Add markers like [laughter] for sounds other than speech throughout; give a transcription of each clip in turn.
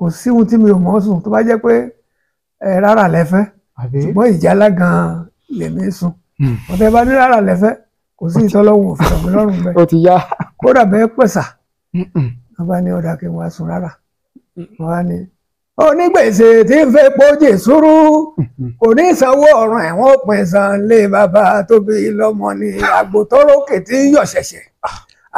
kò sí ohun tí mi ò mọ̀ sùn tó bá jẹ́ pé ẹ rárá lẹ́fẹ́ ṣùgbọ́n ìjálá gan-an lèmi sùn ọ̀tẹ̀ hmm. bá ní rárá lẹ́fẹ́ kò sí ìtọ́lọ́wọ́ òfin ọ̀gbìn lọ́rùn [laughs] bẹ́ẹ̀ ó ti yá kódà bẹ́ẹ̀ pẹ̀sà wọ́n bá ní ọ̀dà kí n wá sùn rárá wọ́n á ní onígbèsè tí ń fẹ́ pọ́jì sùúrù kò ní sanwó ọ̀ràn ẹ̀wọ̀n pin san lé bàbá tóbi lọ́mọ ni àgbò tọ́rọ́kè ń yọ̀ ṣẹ̀ṣẹ̀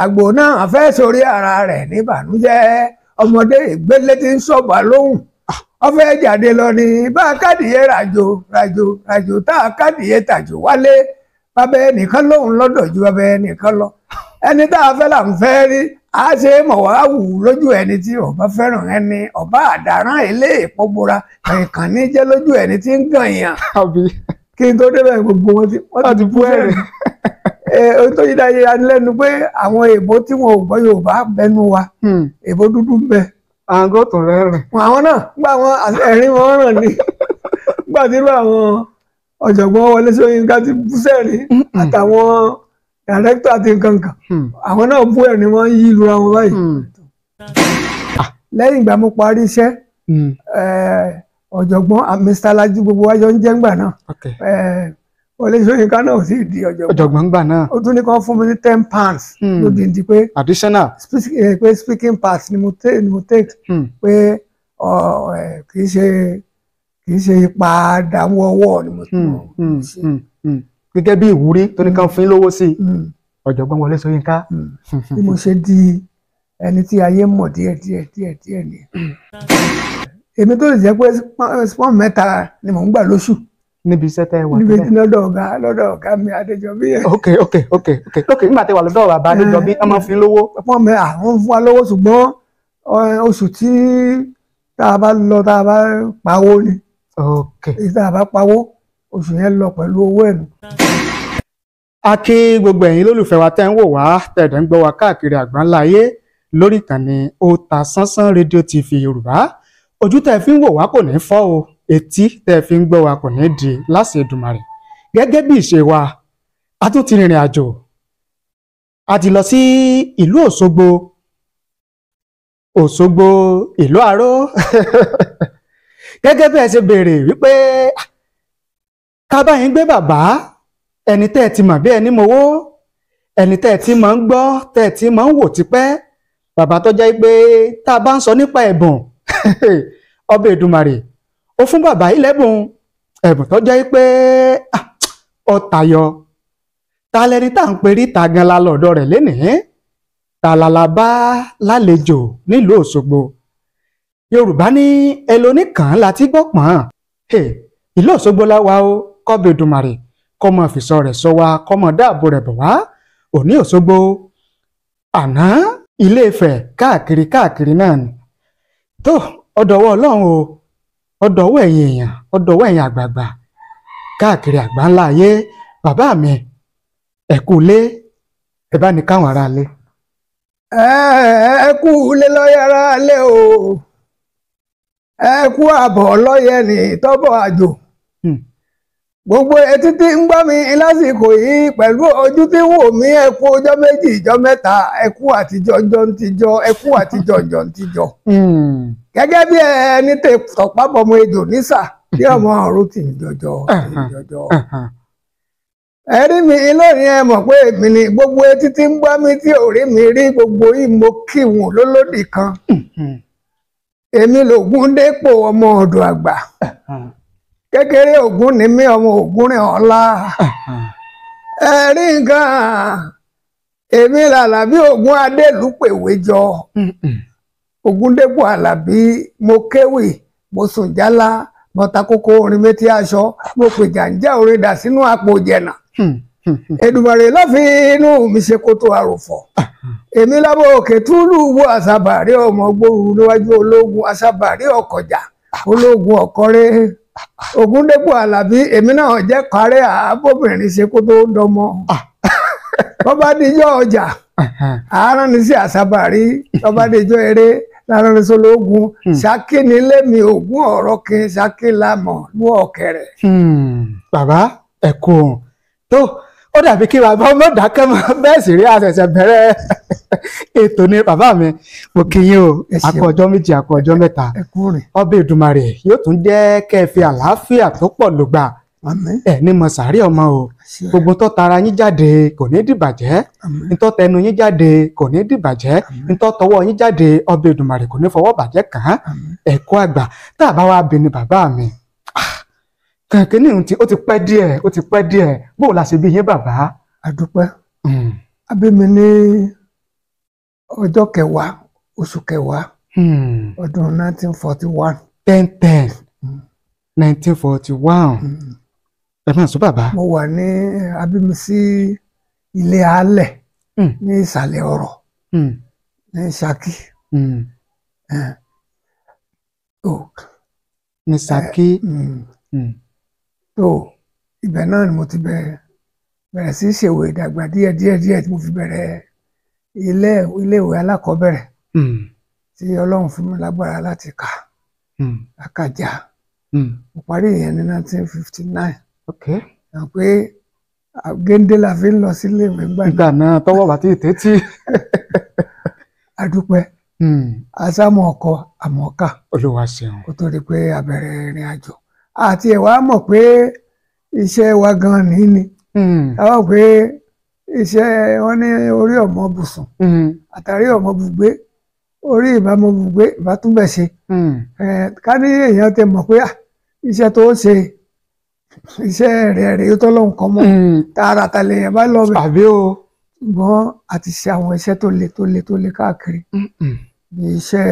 àgbò náà fẹ́ sórí ara rẹ̀ níbànújẹ́ ọmọdé ìgbélé ti ń sọ̀bà lóhùn ah, ọfẹ́ jáde lọ ni bá a kádìyẹ ràjò ràjò ràjò tá a kádìyẹ tàjò wálé bàbá ẹnìkan lóhùn lọ́dọ̀ ju bàbá ẹnìkan lọ ẹni tá a fẹ́ là ń fẹ́ rí a ṣe mọ̀ wá wù lójú ẹni tí ọba fẹ́ràn ẹni ọba àdáràn ilé ìpọ́bora ẹ̀ẹ̀kan ní jẹ́ lójú ẹni tí ń gàn yàn kí n tó débẹ̀ gbogbo wọn ti bú ẹ̀rẹ̀ ohun tó yí dáyé anilẹ́nu pé àwọn èèbó tí wọn ò gbọ́ Yorùbá bẹnu wa hmm. èèbó dúdú ń bẹ. àǹgó tó rẹ́rìn. àwọn náà gbà wọn ẹ̀rín wọn ràn ní gbà nínú àwọn ọ̀jọ̀gbọ́n Wọlé Ṣóyínká ti bú sẹ́rìn hmm. àtàwọn dàrẹ́kítọ̀ àti nǹkan kan hmm. àwọn náà bú ẹ̀rín wọn yí ìlú ra wọn báyìí. Ah. lẹ́yìn ìgbà mo parí iṣẹ́ ọ̀jọ̀gbọ́n Mr. Laji gbogbo wájọ ń jẹ́ ńgbà náà. Olúṣóyínká náà ò sì di ọ̀jọ̀gbọ́n ọ̀jọ̀gbọ́n gbà náà ó tún ní kàn fún mi ní ten pounds hmm. lódìdí pé additional eh, pé speaking part ni mo take hmm. pé kì í ṣe kì í ṣe ipa dáwọ́ ọwọ́ ni mo hmm. ṣe. gẹ́gẹ́ bí ìwúrí tó ní kàn fún yín lówó sí ọ̀jọ̀gbọ́n Wọlé Ṣóyínká. [laughs] bí mo ṣe di ẹni tí ayé mọ̀ díẹ̀ díẹ̀ díẹ̀ díẹ̀ ni. èmi tó lè jẹ́ pé pọ́n mẹ́ta ni mò ń gbà lóṣù níbi iṣẹ́ tẹ́ wà níbi lọ́dọ̀ ọ̀gá lọ́dọ̀ ọ̀gá mi adéjọbí yẹn. ok ok ok ok ok nígbà tẹ́ wà lọ́dọ̀ bàbá adéjọbí ẹ eh. máa fi lówó. wọ́n mẹ àwọn fún wa lówó ṣùgbọ́n oṣù tí tá a bá lọ tá a bá pawó ni. ok tá a bá pawó oṣù yẹn lọ pẹ̀lú owó ẹ̀ nù. a kí gbogbo ẹ̀yin lólùfẹ́ wa tẹ́ ń wò wá tẹ̀dẹ̀ ń gbọ́ wa káàkiri àgbáńlá ayé lórí ìkànnì Otasansan rédíò TV Yorùbá ojú tẹ́ fi ń wò wá kò ní fọ́ o etí tẹ́ fi ń gbọ́ wa kò ní di láṣẹ Èdùmàrè gẹ́gẹ́ bí ìṣe wa a tún ti rìnrìn àjò a ti lọ sí ìlú Òṣogbo Òṣogbo ìlú Àró [laughs] gẹ́gẹ́ bí ẹ ṣe béèrè wípé ah, ká bá yín gbé bàbá ẹni tẹ́ ẹ ti mọ̀ bí ẹni mowó ẹni tẹ́ ẹ ti mọ̀ ń gbọ́ tẹ́ ẹ ti mọ̀ ń wò tipẹ́ bàbá tó jẹ́ pé tá a bá ń sọ nípa ẹ̀bùn [laughs] ọbẹ̀ Èdùmàrè ó fún bàbá yìí lẹ́bùn ẹ̀bùn tó jẹ́ pé ó tayọ ta lẹni tá à ń perí ta gan la lọ́dọ̀ rẹ̀ lénìí ta la la bá lálejò nílùú Òṣogbo Yorùbá ní ẹlòmíkàn láti gbọ́pọ̀n ìlú Òṣogbo la wà o kọ́bi Èdùmàrè kọ́mọ fìsọ rẹ̀ sọ wa kọ́mọ dáàbò rẹ̀ bọ̀ wá òní Òṣogbo àná Ilé Ifẹ̀ káàkiri káàkiri náà ni tó ọ̀dọ̀wọ́ Ọlọ́run o. ọdọwọ ẹ̀yìn èèyàn ọdọwọ ẹ̀yin àgbààgbà káàkiri àgbáńlá ayé bàbá mi ẹ lé ẹ bá káwọn ará lé. ẹ kú lé lọ́yẹ̀ lé o ẹ kú àbọ̀ lọ́yẹ̀ ní tọ́bọ̀ àjò. gbogbo etí tí ń yi mi lásìkò yìí pẹ̀lú ojú tí wò mí ẹkú ọjọ́ méjì ìjọ mẹ́ta ẹkú àtijọ́ jọ ń tijọ́ ẹkú àtijọ́ ń tijọ́. gẹ́gẹ́ bí ẹni tẹ tọ̀pábọ̀mọ nísà tí ọmọ ọ̀run ti ń jọjọ́ jọjọ́. ẹ̀rí mi mọ̀ pé gbogbo etí tí ń gbọ́ mi tí gbogbo yìí mo kíwùn kan èmi lògún dépò ọmọ ọdọ àgbà. kékeré ògún ni mí ọmọ ògún rìn ọlá [laughs] ẹ rí nǹkan èmi làlàbí ògún adélùpèwé jọ ògúndépò àlàbí mo kéwì mo sùn jálá mo ta kókó orin métí aṣọ mo pè jàǹjà orin dà sínú àpò jẹ̀nà Èdùmàrè láfi inú mi ṣe kótó àròfọ̀ èmi lábọ òkè túlù wo àṣàbàrí ọmọ gbòòrò níwájú ológun àṣàbàrí ọkọjà ológun ọkọrẹ. Ògúndépò Àlàbí èmi náà jẹ́ kárẹ́ àbóbìnrin ṣe kó tó dọmọ ah. [laughs] bọ́bá díjọ́ ọjà àárán ni sí àṣàbàrí bọ́bá díjọ́ eré láàrin sológun hmm. ṣáké nílé mi ògún ọ̀rọ̀ kí n ṣáké lámọ̀ lú ọ̀kẹ́rẹ́. Hmm. bàbá ẹ̀kọ́ tó ó dàbí kí bàbá ọmọ dákẹ́ mọ́ bẹ́ẹ̀ sì rí àṣẹ̀ṣẹ̀ bẹ̀rẹ̀ ètò ni bàbá mi mo kí yín o àkọ́ ọjọ́ méjì àkọ́ ọjọ́ mẹ́ta ọbẹ̀ Èdùmàrè yóò tún jẹ́ kẹ́ ẹ fi àlàáfíà tó pọ̀ lògbà ẹ ní mo sàárì ọmọ o gbogbo tó tara yín jáde kò ní dìbàjẹ́ nítọ́ tẹnu yín jáde kò ní dìbàjẹ́ nítọ́ tọwọ́ yín jáde ọbẹ̀ Èdùmàrè kò ní fọwọ́ bàjẹ́ kàn án ẹ̀kọ́ àgbà tá a bá wa bí ni bàbá mi kíní ti ó ti pẹ́ díẹ̀ ó ti pẹ́ díẹ̀ bóò la ṣe bí yín bàbá. àdúpẹ́ hmm. abẹ́mi ní ọjọ́ kẹwàá oṣù kẹwàá hmm. ọdún nineteen forty one. ten ten hmm. nineteen forty one ẹ máa sọ bàbá. mo wà ní abẹ́mi sí ilé alẹ̀ ní ìsàlẹ̀ ọ̀rọ̀ ní Ṣakí. Eh. Oh. ní Ṣakí. Eh, tó ibẹ̀ náà ni mo ti bẹ̀rẹ̀ bẹ̀rẹ̀ sí ṣèwé ìdàgbà díẹ̀ díẹ̀ díẹ̀ tí mo fi bẹ̀rẹ̀ ilé iléèwé alákọ̀ọ́bẹ̀rẹ̀ hmm. tí Ọlọ́run fún mi lágbára láti kà àkàjà hmm. hmm. mo parí ìyẹn ní nineteen fifty nine pé géńdé la fi ń lọ sílé ìwé gbà náà. ìgbà náà tọwọ́ bàtí ìtẹ́tí. adúpẹ́ [laughs] asámọ̀ ọkọ àmọ́ká. Olúwa kó tó di pé a ìrìn àjò àti ẹ̀ wá mọ̀ pé iṣẹ́ wa gan ni ni hmm. àwọn pé iṣẹ́ wọn ní orí ọmọ bùsùn hmm. àtàrí ọmọ bùgbé orí ìbámu bùgbé ìbátúbẹ̀ hmm. ká ní èèyàn ti mọ̀ pé iṣẹ́ tó ṣe iṣẹ́ rẹ̀ rèé tọ́lọ́hún kan mọ́ tààràtà lèèyàn bá lọ bẹ̀. àbí o. ṣe àwọn iṣẹ́ tó le tó le tó le káàkiri bí iṣẹ́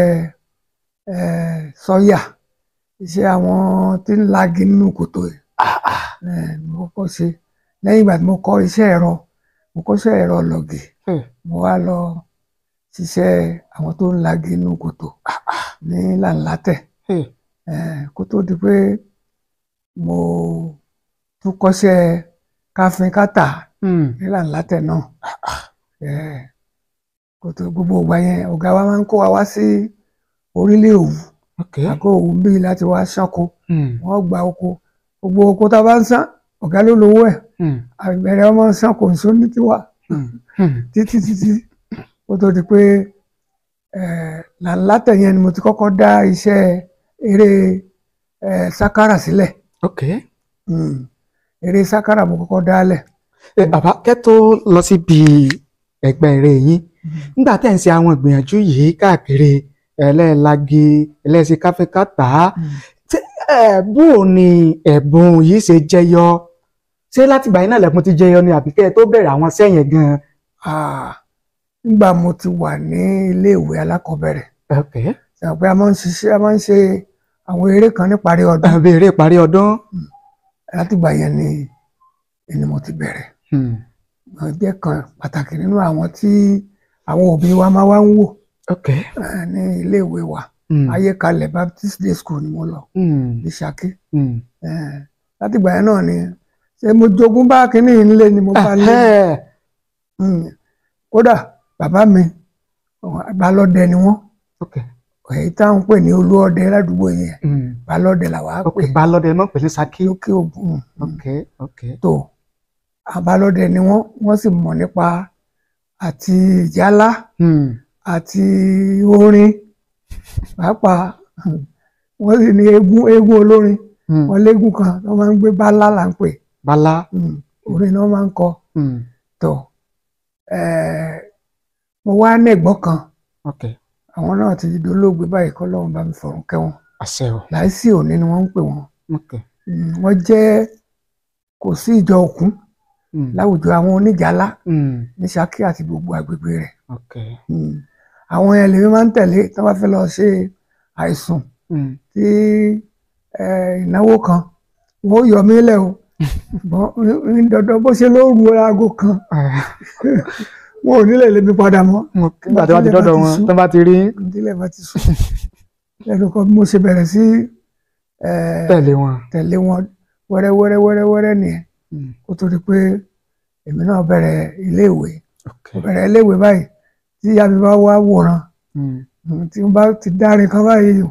sọ́yà. So, yeah iṣẹ́ àwọn tí ń lagi nínú kòtò yìí ah, ah. mo kọ́kọ́ ṣe lẹ́yìn ìgbà tí mo kọ́ iṣẹ́ ẹ̀rọ mo kọ́ iṣẹ́ ẹ̀rọ lọ́gì hmm. mo wá lọ ṣiṣẹ́ àwọn tó ń lagi nínú kòtò ah, ní làǹlátẹ̀ hmm. kó tó di pé mo tún kọ́ṣẹ́ káfíńkátà hmm. ní làǹlátẹ̀ náà kòtò gbogbo ìgbà yẹn ọ̀gá wa máa ń kó wa wá sí orílẹ̀ òwú. àkó òun bí láti wá ṣánko hmm. wọ́n gba oko gbogbo oko tá a bá ń sán ọ̀gá ló lówó ẹ̀ hmm. àbẹ̀rẹ̀ ọmọ ṣánko nṣó ní tiwa hmm. títí títí ó tó di pé látẹ̀yẹn ni mo ti kọ́kọ́ dá iṣẹ́ eré sákárà sílẹ̀ eré mo kọ́kọ́ bàbá lọ síbi yín nígbà tẹ̀ ń ṣe àwọn ìgbìyànjú yìí ẹlẹ́ẹ̀lagi ẹlẹ́sìn káfíńkátà bóò ni ẹ̀bùn yìí ṣe jẹyọ ṣé látìgbà yín náà lẹ́kùn ti jẹyọ ni àbíkẹ́ tó bẹ̀rẹ̀ àwọn sẹ́yìn gan-an. nígbà mo ti wà ní iléèwé alákọ̀ọ́bẹ̀rẹ̀ ṣàpẹ́ a máa ń ṣiṣẹ́ a máa ń ṣe àwọn eré kan ní parí ọdún. àbí eré parí ọdún. Hmm. látìgbà yẹn ni ni mo ti bẹ̀rẹ̀. mo hmm. kan pàtàkì nínú àwọn tí àwọn òbí wa máa wá ń wò ní iléèwé wa hmm. ayékalẹ̀ Baptist Day School ni mo lọ hmm. ní Ṣakí hmm. látìgbà yẹn náà ni ṣe mo jogún bá kínní ilé ni mo bá lé kódà bàbá mi balọ̀dẹ ni wọ́n èyí táwọn pè ní olúọdẹ ládùúgbò yẹn balọ̀dẹ làwa pè balọ̀dẹ náà pèsè Ṣakí lókè ògùn tó abalọ̀dẹ ni wọ́n wọ́n sì mọ̀ nípa àti ìjálá àti orin pàápàá wọ́n sì ní eégún eégún olórin hmm. wọ́n léégún kan wọ́n máa ń gbé bálá là ń pè. bálá. Hmm. orin náà máa ń kọ. Hmm. tó eh, mo wá nẹ̀gbọ́n kan àwọn náà ti dolóògbé báyìí kọ́ lọ́run bá mi fọ̀rùn kẹ́ wọn. àṣẹ o. láìsí òní ni wọ́n ń pè wọ́n. wọ́n jẹ́ kò sí ìjọ òkun láwùjọ àwọn oníjàlá ní Ṣakí àti gbogbo àgbègbè rẹ̀ àwọn yẹn lèmi máa ń tẹ̀lé tó bá fẹ́ lọ ṣe àìsùn hmm. tí ìnáwó kan wọ́n yọ mí lẹ̀ o bọ́n dandan bó ṣe ló ru aago kan [laughs] wọn ò nílẹ̀ lèmi padà mọ́. Hmm. nígbà tí wọ́n ti rí. nílẹ̀ bá ti sùn lẹ́nu kan mo ṣe bẹ̀rẹ̀ sí. tẹ̀lé wọn tẹ̀lé wọn wẹ́rẹ́wẹ́rẹ́ nìyẹn hmm. kó tó di pé èmi náà bẹ̀rẹ̀ iléèwé bẹ̀rẹ̀ iléèwé báyìí tí ìyá mi bá wá wòran hmm. Hmm, tí wọ́n bá ti dárin kan báyìí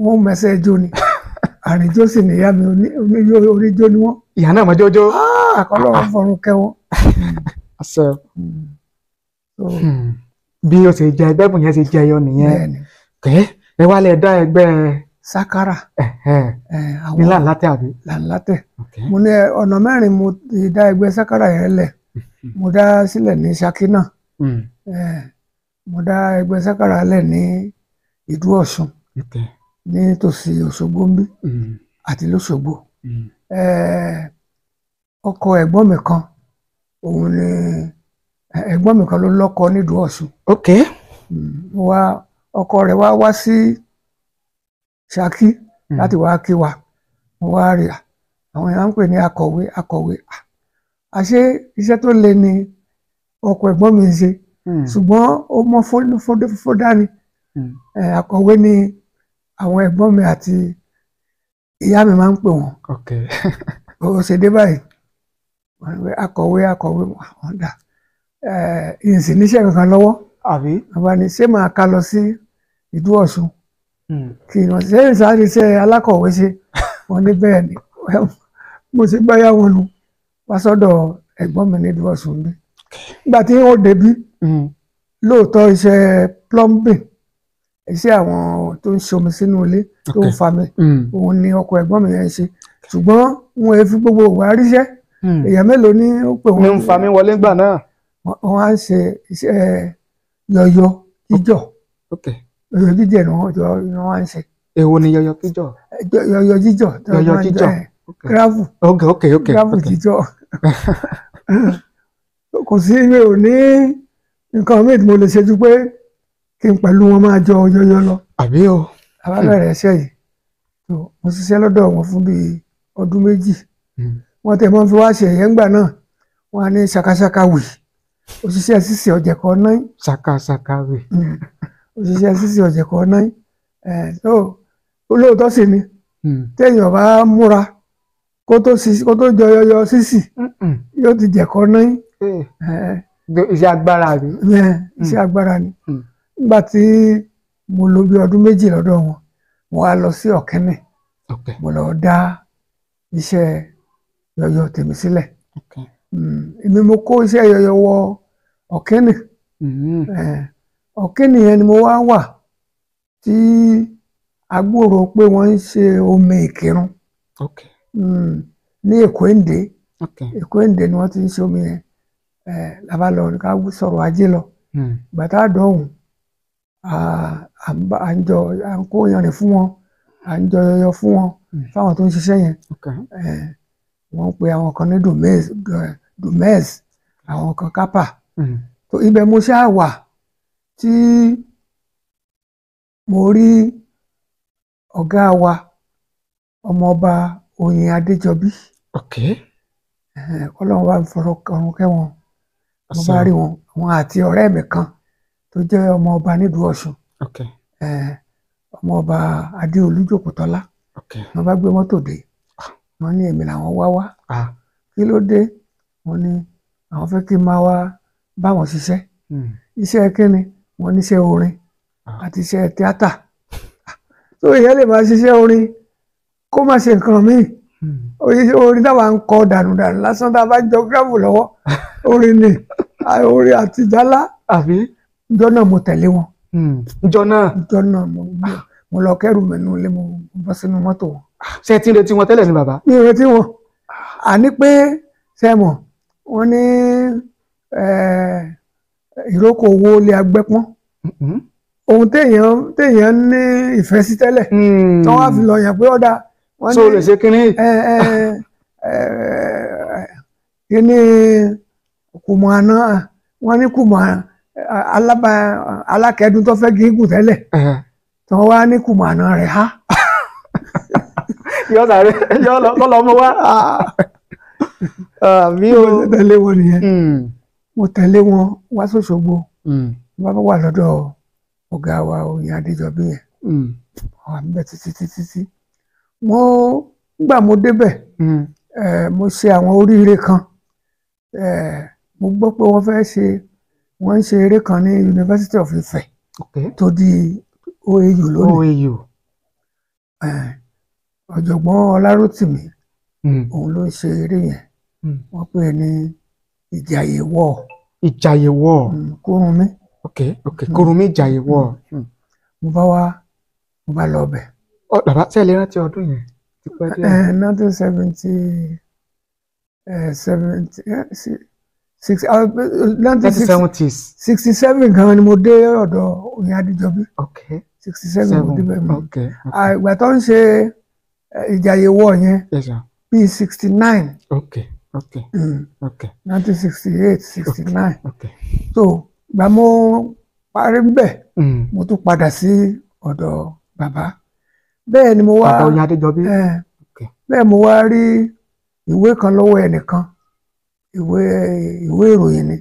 wọ́n mẹ́sẹ̀ jó ni [laughs] àrìnjó sì nìyá mi oníjó oníjó ni wọ́n. ìyá náà mọ̀ jójó. àkọlọ́ wọn fọrùn [laughs] kẹwọn. Hmm. bí o ṣe jẹ ẹgbẹ́ bùn yẹn ṣe jẹyọ nìyẹn kẹ́ ẹ wá lè dá ẹgbẹ́ sakara ní làǹlàtẹ̀ àbí. làǹlàtẹ̀ mo ní ọ̀nà mẹ́rin mo ti dá ẹgbẹ́ sakara yẹn lẹ̀ mo dá sílẹ̀ ní Ṣakí náà Hmm. Eh, mo dá ẹgbẹ́ sákàrà lẹ̀ ní ìdú ọ̀ṣun nítòsí òṣogbo nbí hmm. àti lóṣogbo hmm. eh, ọkọ ẹ̀gbọ́n mi kan òun ni ẹ̀gbọ́n mi kan ló lọ́kọ nídùú ọ̀ṣun wa ọkọ rẹ̀ wá wá sí ṣákí láti wá kí wa mo wá rí àwọn èèyàn ń pè ní akọ̀wé akọ̀wé àṣé ah, iṣẹ́ tó le ni ọkọ ẹ̀gbọ́n mi ń ṣe hmm. ṣùgbọ́n ó mọ fódà ni hmm. akọ̀wé ni àwọn ẹ̀gbọ́n mi àti ìyá mi máa ń pè wọ́n ó ṣe dé báyìí akọ̀wé akọ̀wé wọn dà ìsìn níṣẹ́ kankan lọ́wọ́ bàbá ni ṣé máa ká lọ sí ìdú Ọ̀ṣun hmm. kì í ṣe ìsáré iṣẹ́ alákọ̀wé ṣe [laughs] wọn ní bẹ́ẹ̀ ni mo ṣe gbáyàwó nu wá sọ́dọ̀ ẹ̀gbọ́n mi ní ìdú Ọ̀ṣun bíi nígbà tí wọ́n débí hmm. lóòótọ́ iṣẹ́ plumbing iṣẹ́ àwọn tó ń ṣomi sínú ilé tó ń fa mi hmm. òun ni ọkọ ẹ̀gbọ́n mi yẹn ṣe ṣùgbọ́n wọn fi gbogbo òwà ríṣẹ́ hmm. èèyàn mélòó ni ó pè wọ́n. mi ń fa mi wọlé gbà náà. wọ́n á ṣe iṣẹ́ yọ̀yọ̀ jíjọ̀ yọ̀yọ̀ jíjẹ̀ ni wọ́n jọ ni wọ́n á ṣe. èwo ni yọ̀yọ̀ jíjọ̀. yọ̀yọ̀ jíjọ̀ yọ̀yọ̀ jíjọ̀ gravel gravel jíjọ̀. [laughs] kò sí mi ò ní nǹkan míì tí mo lè ṣe ju pé kí n pẹ̀lú wọn máa jọ yọyọ lọ. àbí o. alábẹ̀rẹ̀ iṣẹ́ yìí tó mo ṣiṣẹ́ lọ́dọ̀ wọn fún bíi ọdún méjì hmm. wọ́n tẹ̀ mọ́ fi wá ṣe ẹ̀yẹ́ ńgbà náà wọ́n á ní ṣakaṣaka wì òṣìṣẹ́ ṣíṣe ọ̀jẹ̀kọ́ náà. ṣakaṣaka wì. Hmm. òṣìṣẹ́ ṣíṣe ọ̀jẹ̀kọ́ náà ẹ̀ tó olóòótọ́ sì ni hmm. téèyàn bá múra kó tó jọ yọyọ ṣíṣì yóò ti jẹ̀kọ́ náà. iṣẹ́ agbára rí. iṣẹ́ agbára ni hmm. hmm. nígbà tí mo lò bí ọdún méjì lọ́dọ̀ wọn mo wá lọ sí ọ̀kẹ́nẹ̀ mo lọ dá iṣẹ́ yọyọ tèmi sílẹ̀ hmm. èmi mo kó iṣẹ́ yọyọ wọ ọ̀kẹ́nẹ̀ ọ̀kẹ́nẹ̀ yẹn ni mo wá wà tí agbóòrò pé wọ́n ń ṣe omi ìkírun ní Èkó Èkó la bá lọ ká sọ̀rọ̀ ajé lọ hmm. bàtà dọ̀hùn à ń jọ à ń kó yanrìn fún wọn à ń jọ yọyọ fún wọn hmm. fáwọn tó ń ṣiṣẹ́ yẹn wọ́n pe àwọn kan ní domez eh, àwọn kan kápá hmm. tó ibẹ̀ mo ṣáà wà tí mo rí ọ̀gá wa ọmọọba Oyin Adéjọbí ọlọ́run wa ń fọ̀rọ̀ kẹwọn mo bá rí wọn wọn àti ọ̀rẹ́ mi kan tó jẹ́ ọmọ ọba nílùú Ọ̀ṣun ọmọ ọba Adéolú Jòkótọ́lá wọn bá gbé mọ́tò dé ah. wọn ní èmi làwọn wá wá ah. kí ló dé wọn ní àwọn fẹ́ kí n máa wá báwọn ṣiṣẹ́ hmm. iṣẹ́ kíni wọn níṣẹ́ orin ah. àti iṣẹ́ tíátà tó [laughs] ìyẹn lè máa ṣiṣẹ́ orin kó má ṣe nǹkan míì hmm. orin táwa ń kọ dànù dànù lásán tá a bá jọ gíráàmù lọ́wọ́ [laughs] orin ni orin àti jálá àbí ìjọ náà mo tẹ̀lé wọn. ìjọ hmm. náà ìjọ náà ah. mo lọ kẹ́rù mẹ́nu ilé mo bọ́ sínú mọ́tò wọn. Ah. ti ń retí wọn tẹ́lẹ̀ ni bàbá. mi ò retí wọn àní pé sẹ́mọ̀ wọ́n ní ìrókò owó lé agbẹ́pọ́n mm-hmm. ohun téèyàn téèyàn ní ìfẹ́ sí tẹ́lẹ̀ hmm. tí wọ́n fi lọ yàn pé ọ̀dà so lè ṣe kínní. kínní. kùmọ̀nà wọ́n ní kùmọ̀ alákẹ́dùn tó fẹ́ gígùn tẹ́lẹ̀ tó wá ní kùmọ̀nà rẹ̀ há. yọ yọ lọ mọ wá. mi ò tẹ̀lé wọn nìyẹn hmm. mo tẹ̀lé wọn wá sọ́sọ́gbó hmm. bàbá wà lọ́dọ̀ ọ̀gá wa yẹn hmm. àmì mo gbọ́ pé wọ́n fẹ́ ṣe wọ́n ń ṣe eré kan ní University of Ife okay. tó di OAU lónìí OAU ọ̀jọ̀gbọ́n Ọlárótìmí hmm. òun ló ń ṣe eré yẹn hmm. wọ́n pè é ní Ìjàyè wọ̀ hmm, Kúrúnmí okay okay Kúrúnmí Ìjàyè wọ̀ mo bá wá mo bá lọ ọbẹ̀. ọ bàbá sẹ́ẹ̀lì rántí ọdún yẹn nineteen seventy seventy six uh, uh, nineteen seventies sixty seven gan ni mo dé ọ̀dọ̀ Oyin Adéjọbí sixty seven mo dé bẹ́ẹ̀ mi ah, ìgbà tó ń ṣe eh, Ìjàyè wọ̀ yẹn bíi sixty nine mm. nineteen sixty eight sixty nine so ìgbà mo parí bẹ́ẹ̀ mm. mo tún padà sí ọ̀dọ̀ bàbá bẹ́ẹ̀ ni mo wá eh. bẹ́ẹ̀ mo wá rí ìwé kan lọ́wọ́ ẹnìkan ìwé ìwé ìròyìn ni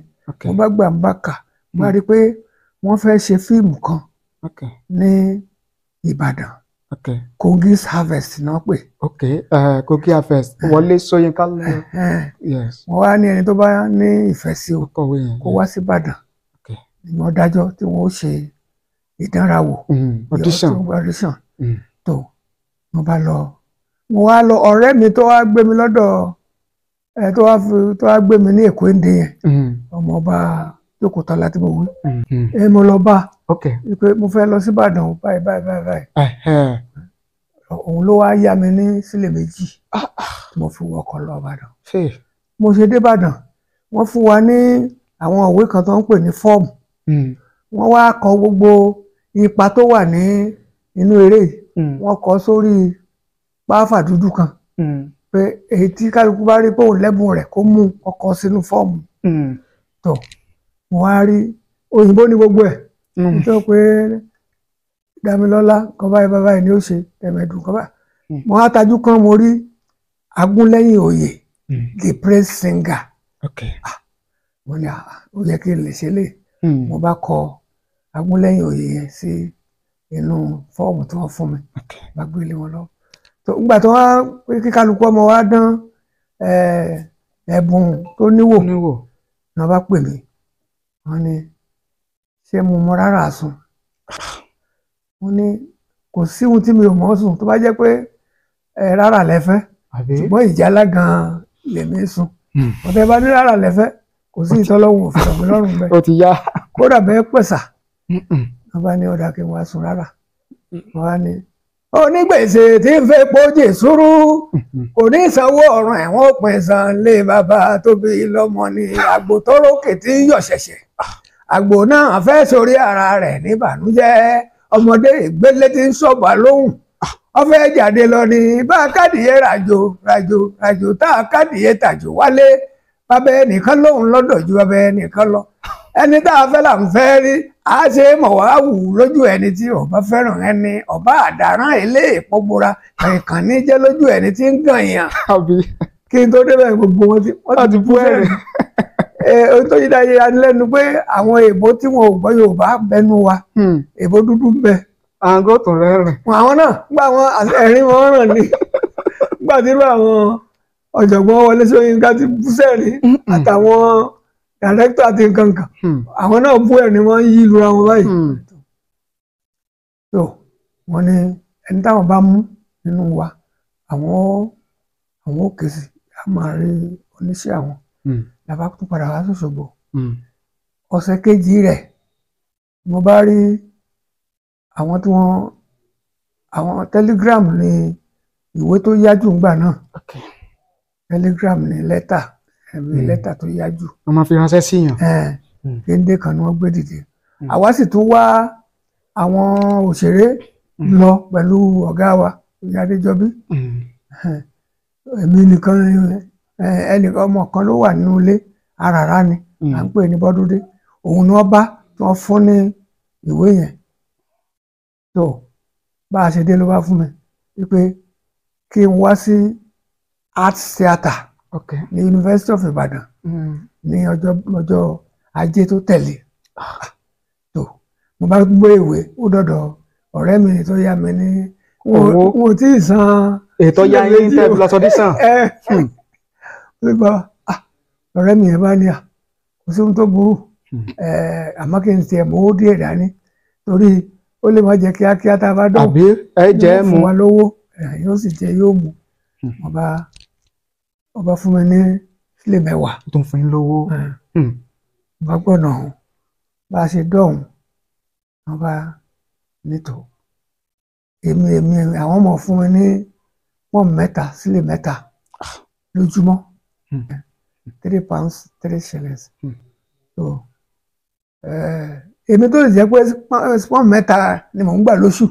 mo bá gbà ń bá kà bá hmm. rí i pé wọ́n fẹ́ ṣe fíìmù kan ní Ìbàdàn Kogi's harvest náà pè. ok uh, harvest eh. Wọlé Ṣóyínká ló eh, yes. wọ́n wá ní ẹni tó bá ní ìfẹ́ sí o kó wá sí Ìbàdàn ìmọ̀ dájọ́ tí wọ́n ó ṣe ìdánrawò hmm. audition audition hmm. tó mo bá lọ mo wá lọ ọ̀rẹ́ mi tó wá gbé mi lọ́dọ̀ ẹ tó wá fi tó wá gbé mi ní èkó ń dín yẹn mm. ọmọ ọba lókùtà láti mo wí mm, mm. ẹ mo lọ bá pé mo fẹ́ lọ sí Ìbàdàn báyìí báyìí báyìí òun ló wá yá mi ní sílẹ̀ méjì ah, ah. mo fi wọkọ̀ lọ Ìbàdàn mo ṣe dé Ìbàdàn wọ́n fún wa ní àwọn òwe kan tó ń pè ní fọ́ọ̀mù wọ́n wá kọ gbogbo ipa tó wà ní inú eré wọ́n kọ sórí pàáfà dúdú kan pé èyí tí kálukú bá rí pé òun lẹ́bùn rẹ̀ kó mú ọkọ sínú fọ́ọ̀mù tó wọ́n á rí òyìnbó ní gbogbo ẹ̀ nítorí hmm. pé Dámilọ́lá kan báyìí báyìí ni ó ṣe tẹ̀mẹ̀dùn kan báyìí hmm. mo á tajú kan mo rí Agúnlẹ́yìn Oyè hmm. the praise singer mo ní ó yẹ kí n lè ṣe lè mo bá kọ Agúnlẹ́yìn Oyè yẹn sí inú fọ́ọ̀mù tí wọ́n fún mi bá gbélé wọn lọ́wọ́ nígbà tó wá kí kálukú ọmọ wa dán ẹ̀bùn tó níwò náà bá pè mí wọ́n ní ṣé mo mọ rárá sùn mo ní kò sí ohun tí mi ò mọ̀ sùn tó bá jẹ́ pé rárá lẹ́fẹ́ ṣùgbọ́n ìjálá gan-an lèmi sùn ọ̀tẹ̀ hmm. bá ní rárá lẹ́fẹ́ kò sí ìtọ́lọ́wọ̀n òfin lọ́rùn bẹ́ẹ̀ [laughs] kódà bẹ́ẹ̀ pẹ̀sà wọ́n bá ní ọ̀dà kí n sùn rárá wọ́n á ní onígbèsè tí ń fẹ́ pọ́jì sùúrù [laughs] kò ní sanwó ọ̀ràn ẹ̀wọ̀n òpin san lé bàbá tóbi lọ́mọ ni àgbò tórókè tí ń yọ̀ ṣẹ̀ṣẹ̀ àgbò náà fẹ́ sórí ara rẹ̀ níbànújẹ́ ọmọdé ìgbélé tí ń sọ̀bà lóhùn ọfẹ́ jáde lọ ni bá kádìyẹ ràjò ràjò ràjò tá a kádìyẹ tàjò wálé bàbá ẹnìkan lóhùn lọ́dọ̀ ju bàbá ẹnìkan lọ ẹni tá a fẹ́ là rí a ṣe mọ̀ wá wù lójú ẹni tí ọba fẹ́ràn ẹni ọba àdáràn ilé ìpọ́gbora kankan ní jẹ́ lójú ẹni tí ń gàn yàn kí n tó débẹ̀ gbogbo wọn ti bú ẹ̀rẹ̀ ohun tó yí dáyé ya lẹ́nu pé àwọn èèbó tí wọn ò gbọ́ Yorùbá bẹnu wa hmm. èèbó dúdú ń bẹ. àǹgó tún rẹ́rìn. àwọn náà gbà wọn ẹ̀rín wọn ràn ní gbà àwọn ọ̀jọ̀gbọ́n Wọlé Ṣóyínká ti bú sẹ́rìn hmm, hmm. àtàwọn director àti nǹkan kan hmm. àwọn náà bú ẹ̀ ni wọ́n ń yí lura wọn báyìí hmm. so wọ́n ní ẹni táwọn bá mú nínú wa àwọn àwọn òkè sí a máa rí oníṣẹ́ àwọn hmm. làbá tún padà wá sòṣogbo ọ̀sẹ̀ kejì rẹ̀ mo bá rí àwọn tí wọ́n àwọn telegram ni ìwé tó yájú ńgbà náà telegram ni lẹ́tà ẹ̀mí hmm. lẹ́tà tó yá jù. wọ́n máa fi ránṣẹ́ sí yàn. kéńdé hmm. kan ni wọ́n gbé dìde hmm. àwa sì tún wá àwọn òṣèré lọ pẹ̀lú ọ̀gá wa Oyè Adéjọbí èmi nìkan ẹnìkan ọmọ kan ló wà nínú ilé aràrá ni à ń pè ní Bọ́dúndé òun ni wọ́n bá tí wọ́n fún ní ìwé yẹn tó bá a ṣe dé ló bá fún mi wípé kí n wá sí art theatre ní University of Ibadan hmm. ní ọjọ́ ọjọ́ ajé tó tẹ̀lé ah. tó mo bá gbé ìwé ó dọ̀dọ̀ ọ̀rẹ́ mi tó yá mi ní wọn ò tí ì san ètò ya yín tẹ́ lọ sọ dísàn. [laughs] Eh. Hmm. Ah, ọ̀rẹ́ mi yẹn bá ní à ah, kò sí ohun tó burú hmm. eh, àmọ́ kí n tiẹ̀ mọ́ ó díẹ̀ dání torí ó lè má jẹ́ kíákíá tá a bá dọ̀ àbí ẹ jẹ́ mu fún wa lówó eh, yóò sì jẹ́ yóò mu wọn bá ọba fún mi ní sílé mẹ́wàá. tó ń fún yín lówó. Hmm. bá gbọ́nà ọ̀hún bá a ṣe dọ̀hún wọn bá nítò èmi èmi àwọn ọmọ fún mi ní pọ́n mẹ́ta sílé mẹ́ta ah. lójúmọ́ hmm. three pounds three shillings. Hmm. so èmi tó lè jẹ́ pé pọ́n mẹ́ta ni mò ń gbà lóṣù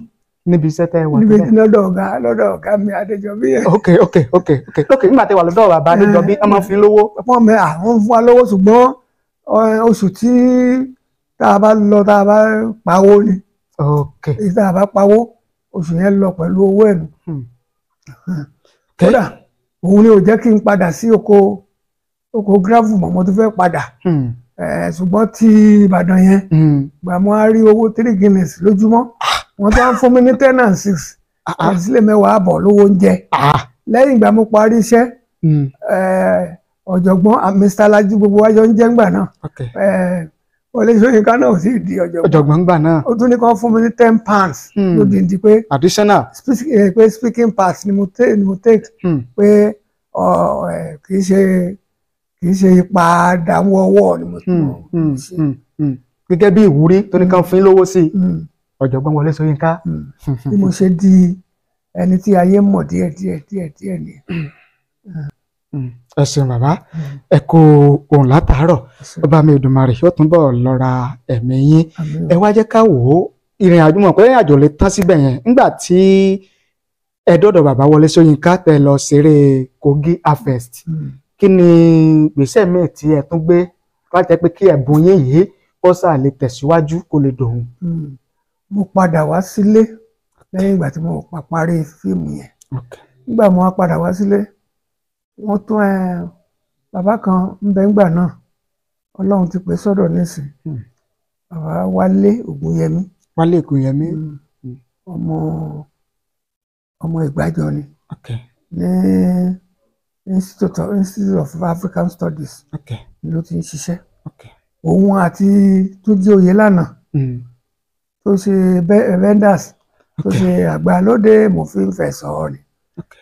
níbi iṣẹ́ tẹ́ ẹ wà. níbi lọ́dọ̀ ọ̀gá lọ́dọ̀ ọ̀gá mi adéjọbí yẹn. ok ok ok ok ok nígbà tẹ́ wà lọ́dọ̀ bàbá adéjọbí ọmọ fi lówó. Eh, wọ́n mẹ àwọn fún wa lówó ṣùgbọ́n eh, oṣù tí tá a bá lọ tá a bá pawó ni. ok tá a bá pawó oṣù yẹn lọ pẹ̀lú owó ẹ̀ nù. Hmm. [laughs] kódà òun ni ò jẹ́ kí n padà sí oko oko gravel mọ̀ mo tún fẹ́ padà. Hmm. Eh, ṣùgbọ́n ti Ìbàdàn yẹn hmm. gbàmọ́ á rí owó three guinness lójúmọ́. ah wọ́n tó ń fún mi ní ten and six àtìsílẹ̀ ah, ah. mẹ́wàá àbọ̀ lówó oúnjẹ ah. lẹ́yìn ìgbà mo parí iṣẹ́ hmm. eh, ọ̀jọ̀gbọ́n Mr. Lajú gbogbo wájọ ń jẹ́ ńgbà náà Wọlé eh, Ṣóyínká náà ò sì di ọ̀jọ̀gbọ́n ọ̀jọ̀gbọ́n ńgbà náà ó tún ní kí wọ́n fún mi ní ten pounds hmm. lódìndí pé additional eh, pé speaking pass ni mo take ni mo take pé kì í ṣe kì í ṣe ipa dáwọ́ ọwọ́ ni mo hmm. ṣe. gẹ́gẹ́ bí ìwúrí tó ní kí fún lówó sí i ọ̀jọ̀gbọ́n Wọlé Ṣóyínká. Hmm. [laughs] bí mo ṣe di ẹni tí ayé mọ̀ díẹ̀ díẹ̀ díẹ̀ díẹ̀ ni. Hmm. ẹ ṣeun bàbá hmm. ẹ kó òun látàárọ̀ ọba mi Èdùmàrè yóò túnbọ̀ lọ́ra ẹ̀mí yín ẹ wá jẹ́ ká wò ó ìrìn àjò mọ̀ pé ìrìn àjò lè tán síbẹ̀ yẹn nígbà tí ẹ dọ́dọ̀ bàbá Wọlé Ṣóyínká tẹ lọ ṣeré Kogi afest, kí ni gbèsè míì tí ẹ tún gbé láti pé kí ẹ̀bùn yín yìí kó sáà lè tẹ̀síwájú kó lè dòun mo padà wá sílé lẹ́yìn ìgbà tí mo pa parí fíìmù yẹn nígbà mo wá padà wá sílé wọ́n tún ẹ bàbá kan ń bẹ ńgbà náà ọlọ́run ti pè sọ́dọ̀ nísìn hmm. bàbá wálé ògúnyẹmí wálé ògúnyẹmí hmm. ọmọ ọmọ ìgbàjọ ni ní institute of institute of african studies ló ti ń ṣiṣẹ́ òun àti túnjí oyè lánàá hmm tó ṣe eh, vendors tó ṣe àgbà lóde mo fi ń fẹ́ sọ̀rọ̀ ni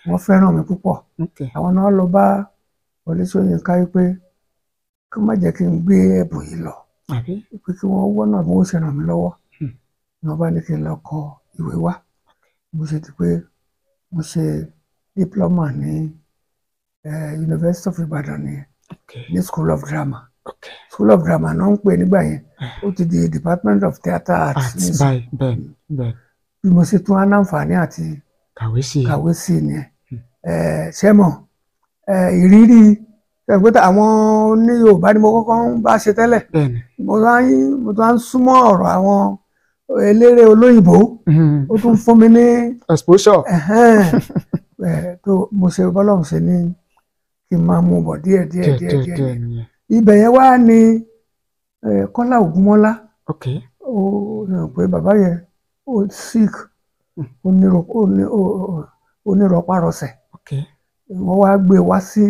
wọ́n fẹ́ràn mi púpọ̀ àwọn náà lọ bá Wọlé Ṣóyínká wípé kí wọ́n má jẹ́ kí n gbé ẹ̀bùn yìí lọ pé kí wọ́n wọ́nà bí wọ́n ṣe ràn mí lọ́wọ́ ni hmm. wọ́n bá ní kí n lọ kọ ìwé wá mo ṣe ti pé mo ṣe diploma ní eh, University of Ibadan ní School of Drama school of drama náà ń pè nígbà yẹn ó ti di department of theatre arts báyìí bẹ́ẹ̀ bẹ́ẹ̀. bí mo ṣe tún á láǹfààní àti kàwé sí kàwé sí nìyẹn hmm. ṣẹ́mọ̀ ìrírí ẹgbẹ́ta àwọn ní Yorùbá ni mo kọ́kọ́ ń bá ṣe tẹ́lẹ̀ mo tó ń súnmọ́ ọ̀rọ̀ àwọn eléré olóyìnbó hmm. ó tún fún mi ní exposure [laughs] tó mo ṣe bọ́lọ́hùn ṣe ní kí n máa mú bọ̀ díẹ̀ díẹ̀ díẹ̀ díẹ̀ ibẹ̀ yẹn wá ní Kọ́lá Ògúnmọ́lá ó yàn pé bàbá yẹn ó sick onírọpárọsẹ̀ hmm. wọ́n wá gbé e wá sí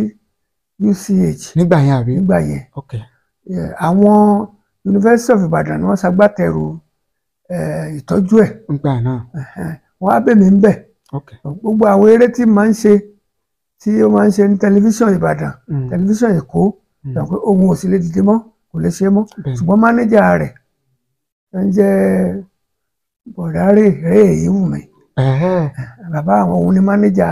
UCH nígbà yẹn àbí nígbà yẹn àwọn University of Ibadan ni wọ́n ṣagbátẹrù ìtọ́jú ẹ̀ nígbà náà wọ́n á bèmí ń bẹ̀ gbogbo àwọn eré tí màá ń ṣe tí ó máa ń ṣe ní tẹlifíṣàn Ìbàdàn hmm. tẹlifíṣàn Èkó Hmm. ohun ò sì lè dìde mọ́ kò lè ṣe mọ́ ṣùgbọ́n mánéjà rẹ̀ ń jẹ́ bọ̀dárè rẹ̀ èyí wù mí bàbá àwọn òun ni mánéjà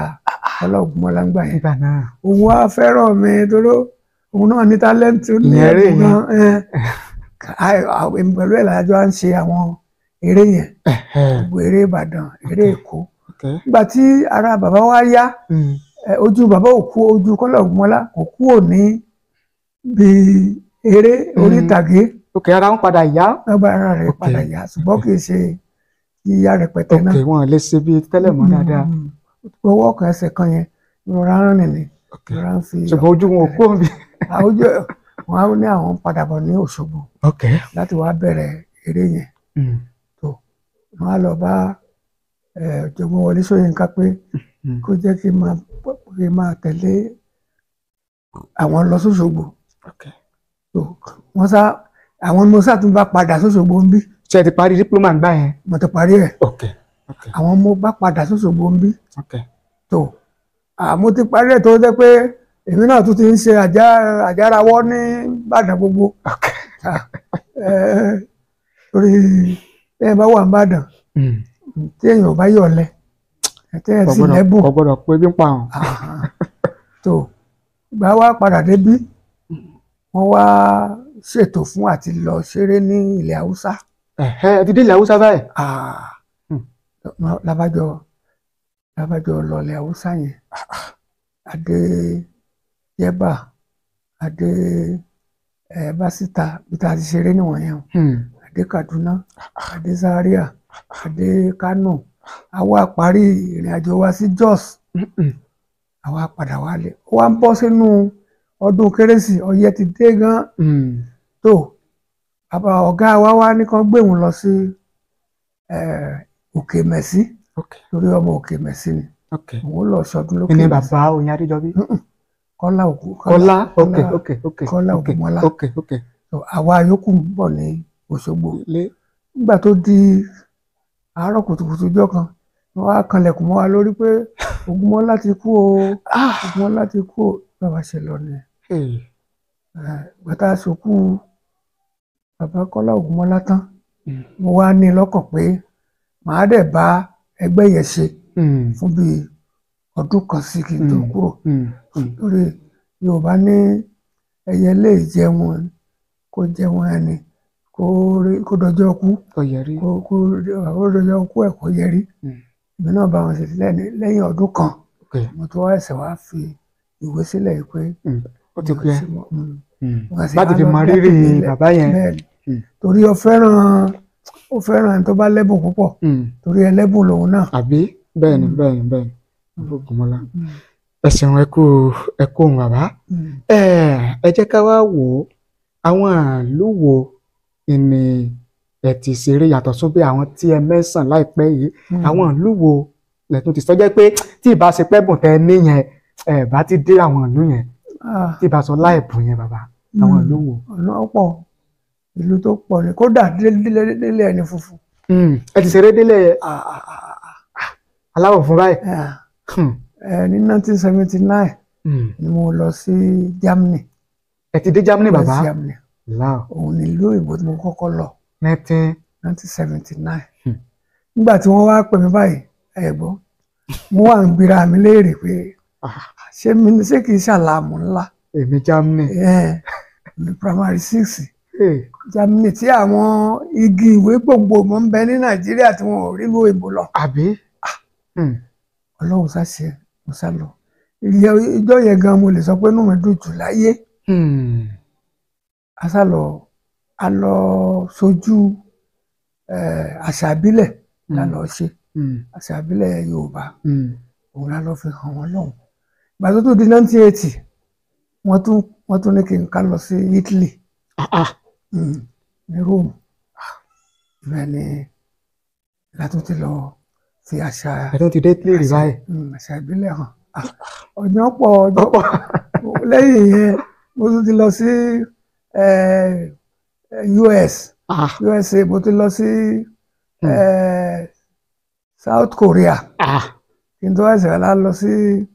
ọlọ́gbọ́nmọ́lá ń gbà yẹn òun á fẹ́ràn mi toró òun náà ní tálẹ́ǹtì ní ẹ̀rẹ́ yẹn pẹ̀lú ẹ̀ lájọ́ à ń ṣe àwọn eré yẹn gbogbo eré Ìbàdàn eré Èkó nígbà tí ara bàbá wa yá hmm. ojú bàbá òkú ojú kọ́lọ́gbọ́nmọ́lá kò kúrò ní bí eré orí hmm. ìtàgé. òkè ara wọn padà yá. lọ́ba ara rẹ̀ padà yá ṣùgbọ́n kì í ṣe yíyá rẹpẹtẹ náà. òkè wọn lè ṣe bí tẹ́lẹ̀ mọ́ dáadáa. owó hmm. ọkọ̀ ẹsẹ̀ kan yẹn ìrora ń rìn ní. ìrora ń fi. ṣùgbọ́n ojú wọn ò kó mi. [laughs] Ah, ojú wọn á ní àwọn padà bọ̀ ní Òṣogbo. láti wá bẹ̀rẹ̀ eré yẹn. Hmm. tó wọn á lọ bá ọ̀jọ̀gbọ́n Wọlé Ṣóyínká pé kó jẹ́ kí n máa tẹ̀lé àwọn lọ sóṣogbo wọ́n sá àwọn ọmọ sá tún bá padà sóṣogbo ń bí. ṣe ti parí diploma gbá yẹn. mo ti parí ẹ àwọn ọmọ bá padà sóṣogbo ń bí. tó àmọ ti parí ẹ tó jẹ́ pé èmi náà tún ti ń ṣe àjárawọ́ ní Ìbàdàn gbogbo torí ẹ bá wà ń bàdàn hmm. tí èèyàn bá yọ̀ lẹ ẹtẹ ẹ sì lẹ́bùn. ọgbọ́dọ̀ pé bí ń pa àwọn. tó ìgbà wa padà débí wọ́n wá ṣètò fún àti lọ ṣeré ní ilẹ̀ haúsá. ẹ ti dé ilẹ̀ haúsá báyìí. Ah. Hmm. labajọ labajọ lọlẹ̀ haúsá yẹn adé yẹba adé basita bí ta ti ṣeré níwọ̀n yẹn hmm. adé kaduna adé zaria adé kano àwa parí ìrìn àjò wa sí jos àwa padà wálé ó wá ń bọ́ sínú. No, ọdún kérésì ọyẹ́ ti dé gan hmm. tó bàbá ọ̀gá wa wá ní kan gbé òun lọ sí òkè mẹ̀sí torí ọmọ òkè mẹ̀sí ni òun lọ sọdún lókè mẹ̀sí. ìní bàbá Oyin Adéjọbí. Kọ́lá òkú Kọ́lá Kọ́lá Ògúnmọ́lá àwa yòókù ń bọ̀ ní Òṣogbo nígbà tó di àárọ̀ kùtùkùtù ọjọ́ kan wọ́n á kanlẹ̀kùn mọ́ wa lórí pé [laughs] Ògúnmọ́lá ti kú o ah. Ògúnmọ́lá ti kú o bàbá ṣe lọ nìyẹn. Eh, eh, ìgbà tá a ṣòkú bàbá Kọ́lá Ògúnmọ́lá tán hmm. mo wá ní lọ́kàn pé màá dẹ̀ bá ẹgbẹ́ yẹn ṣe hmm. fún bíi ọdún kan sí kí n tó hmm. kúrò lórí Yorùbá ní ẹyẹ lè jẹun kó jẹun ẹni kó dọjọ́ kú kó dọjọ́ kú ẹ̀ kó yẹrí èmi náà bá wọn ṣe lẹ́yìn ọdún kan mo tó wá ẹ̀sẹ̀ wá fi ìwé sílẹ̀ pé ó ti pẹ́ mm. Mm. láti fi mọ rírì bàbá yẹn mm. torí ó fẹ́ràn ó fẹ́ràn ẹni tó bá lẹ́bùn púpọ̀ torí ẹlẹ́bùn lòun náà. àbí bẹ́ẹ̀ ni bẹ́ẹ̀ ni bẹ́ẹ̀ ni Ògúnmọ́lá ẹ ṣeun ẹ kú ẹ kú òun bàbá ẹ jẹ́ ká wá wò ó àwọn àlù wo ni ẹ ti ṣeré yàtọ̀ sún bí àwọn tí ẹ mẹ́sàn láìpẹ́ yìí àwọn àlù wo lẹ́tún ti sọ jẹ́ pé tí ìbá ṣe pẹ́ bùn tẹ níyẹn ẹ bá ti dé àwọn àlù yẹn Ah. tí bá sọ láìpọ̀ yẹn bàbá hmm. àwọn ìlú wo. ọ̀nà ọ̀pọ̀ ìlú tó pọ̀ ni kódà délé ẹni funfun. Hmm. ẹ ti ṣeré délé ah, ah, aláwọ̀ fún báyìí. Hmm. ní nineteen seventy nine ni mo lọ sí Germany. ẹ ti dé Germany bàbá òun ni ìlú òyìnbó tí mo kọ́kọ́ lọ. nineteen seventy nine nígbà tí wọ́n wá pè mí báyìí ẹ̀gbọ́n mo wà ń gbéra mi léèrè pé ṣé mi ní ṣé kì í ṣàlàmù ńlá. èmi germany. mi primary six. germany tí àwọn igi ìwé gbogbo mọ̀ ń bẹ ní nàìjíríà tí wọn ò rí lu ìbò lọ. àbí. Ah. Hmm. ọlọ́run ṣàṣẹ mo sá lọ ìjọ yẹn gan mo lè sọ pé inú mi dùn jù láyé. Hmm. a sá lọ a lọ sojú àṣà ìbílẹ̀ la hmm. lọ ṣe àṣà ìbílẹ̀ yorùbá òun la lọ fi hàn wọ́n lọ́hùn-ún gbàtó tó di nineteen eighty wọ́n tún wọ́n tún ní kí n ká lọ sí Italy ah, ah. Hmm, ní Rome ah, bẹ́ẹ̀ ni látún ti lọ fi àṣà látún ti dé Italy rí báyìí hmm, àṣà ìbílẹ̀ hàn ọjọ́ pọ̀ ọjọ́ pọ̀ [laughs] lẹ́yìn yẹn mo tún ti lọ sí eh, US USA mo ti lọ sí hmm. eh, South Korea kí n tó ẹsẹ̀ lọ sí. Si,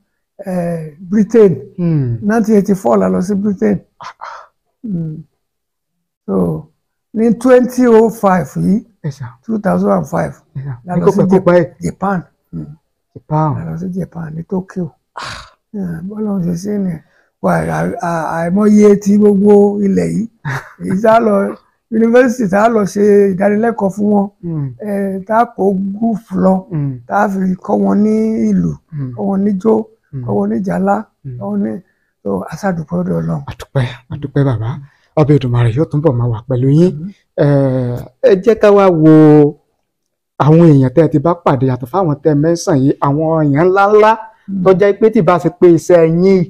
Eh, Britain hmm. nineteen eighty four la lọ sí Britain mm. so ní 2005, oh five yìí two thousand and five la lọ hmm. Japan la lọ sí Japan ní Tokyo bọ́lá ọ̀sẹ̀ sí ni àìmọye ti gbogbo ilẹ̀ yìí [laughs] èyí tá lọ yunifásitì tá lọ ṣe ìdánilẹ́kọ̀ọ́ fún wọn hmm. eh, tá kó gúùfù lọ tá fi kọ́ wọn ní ìlú kọ́ wọn níjó Mm. ọwọ́ oníjàlá mm. ọwọ́ ní asádùpọ̀ ọdọ̀ ọlọ́run. àdúpẹ́ àdúpẹ́ bàbá ọbẹ̀ Èdùmàrè yóò túnbọ̀ máa wà pẹ̀lú yín mm-hmm. ẹ jẹ́ ká wá wo àwọn èèyàn tẹ́ ẹ ti bá pàdé yàtọ̀ fáwọn tẹ́ ẹ mẹ́sàn yìí àwọn èèyàn ńláńlá mm. tó jẹ́ pé tí bá ṣe pé iṣẹ́ yín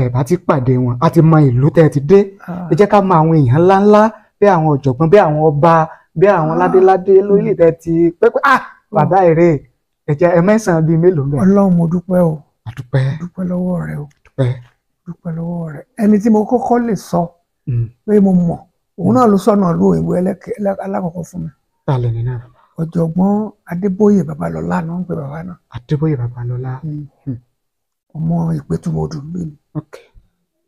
ẹ bá ti pàdé wọn a ti mọ ìlú tẹ́ ẹ ti dé ah. ẹ jẹ́ ká mọ àwọn èèyàn ńláńlá bí àwọn ọ̀jọ̀gbọ́n bí àwọn ọba bí àwọn ah. ládéládé lórílẹ̀ tẹ́ ti pẹ́pẹ́ ah bàbá ẹ̀rẹ́ ẹ̀jẹ̀ ẹ mẹ́sàn bíi mélòó bẹ́ẹ̀. Ọlọ́run mo dúpẹ́ o àdúpẹ́ dúpẹ́ lọ́wọ́ rẹ o dúpẹ́ dúpẹ́ lọ́wọ́ rẹ ẹni tí mo kọ́kọ́ lè sọ mm. pé mo mọ̀ òun náà mm. ló sọnà lu ìwé alákọ̀ọ́kọ́ fún mi. ta lè ní náà. ọ̀jọ̀gbọ́n adébóyè babalọ́lá ló ń pe bàbá náà. adébóyè babalọ́lá. Mm. ọmọ ìpẹ́tùmọ̀dù mi ni.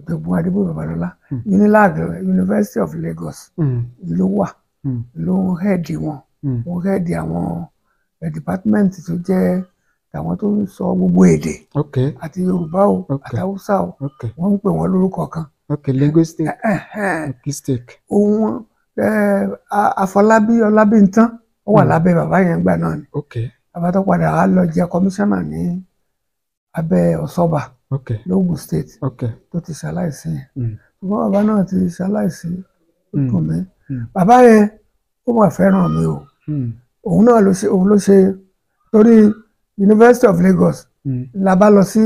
ọ̀jọ̀gbọ́n adébóyè babalọ́lá unilag University of Lagos ló wà ló ń hẹ́ẹ̀dì wọn ó hẹ́ẹ̀dì àwọn eh, department tó jẹ́ àwọn tó ń sọ gbogbo èdè àti yorùbá o àti haúsá o wọ́n ń pè wọ́n lórúkọ kan. ok linguistic linguistic. òun eh, Afọlábí Ọlábìntán ó wà hmm. lábẹ́ bàbá yẹn gbà náà ni bàbá tó padà á lọ jẹ kọmíṣánná ní abẹ́ Ọ̀ṣọ́bà lógùn state tó ti ṣaláìsí yẹn hmm. ṣùgbọ́n bàbá náà ti ṣaláìsí hmm. dùn mí bàbá yẹn ó wà fẹ́ràn mi o òun náà ló ṣe torí. University of Lagos mm. la bá lọ sí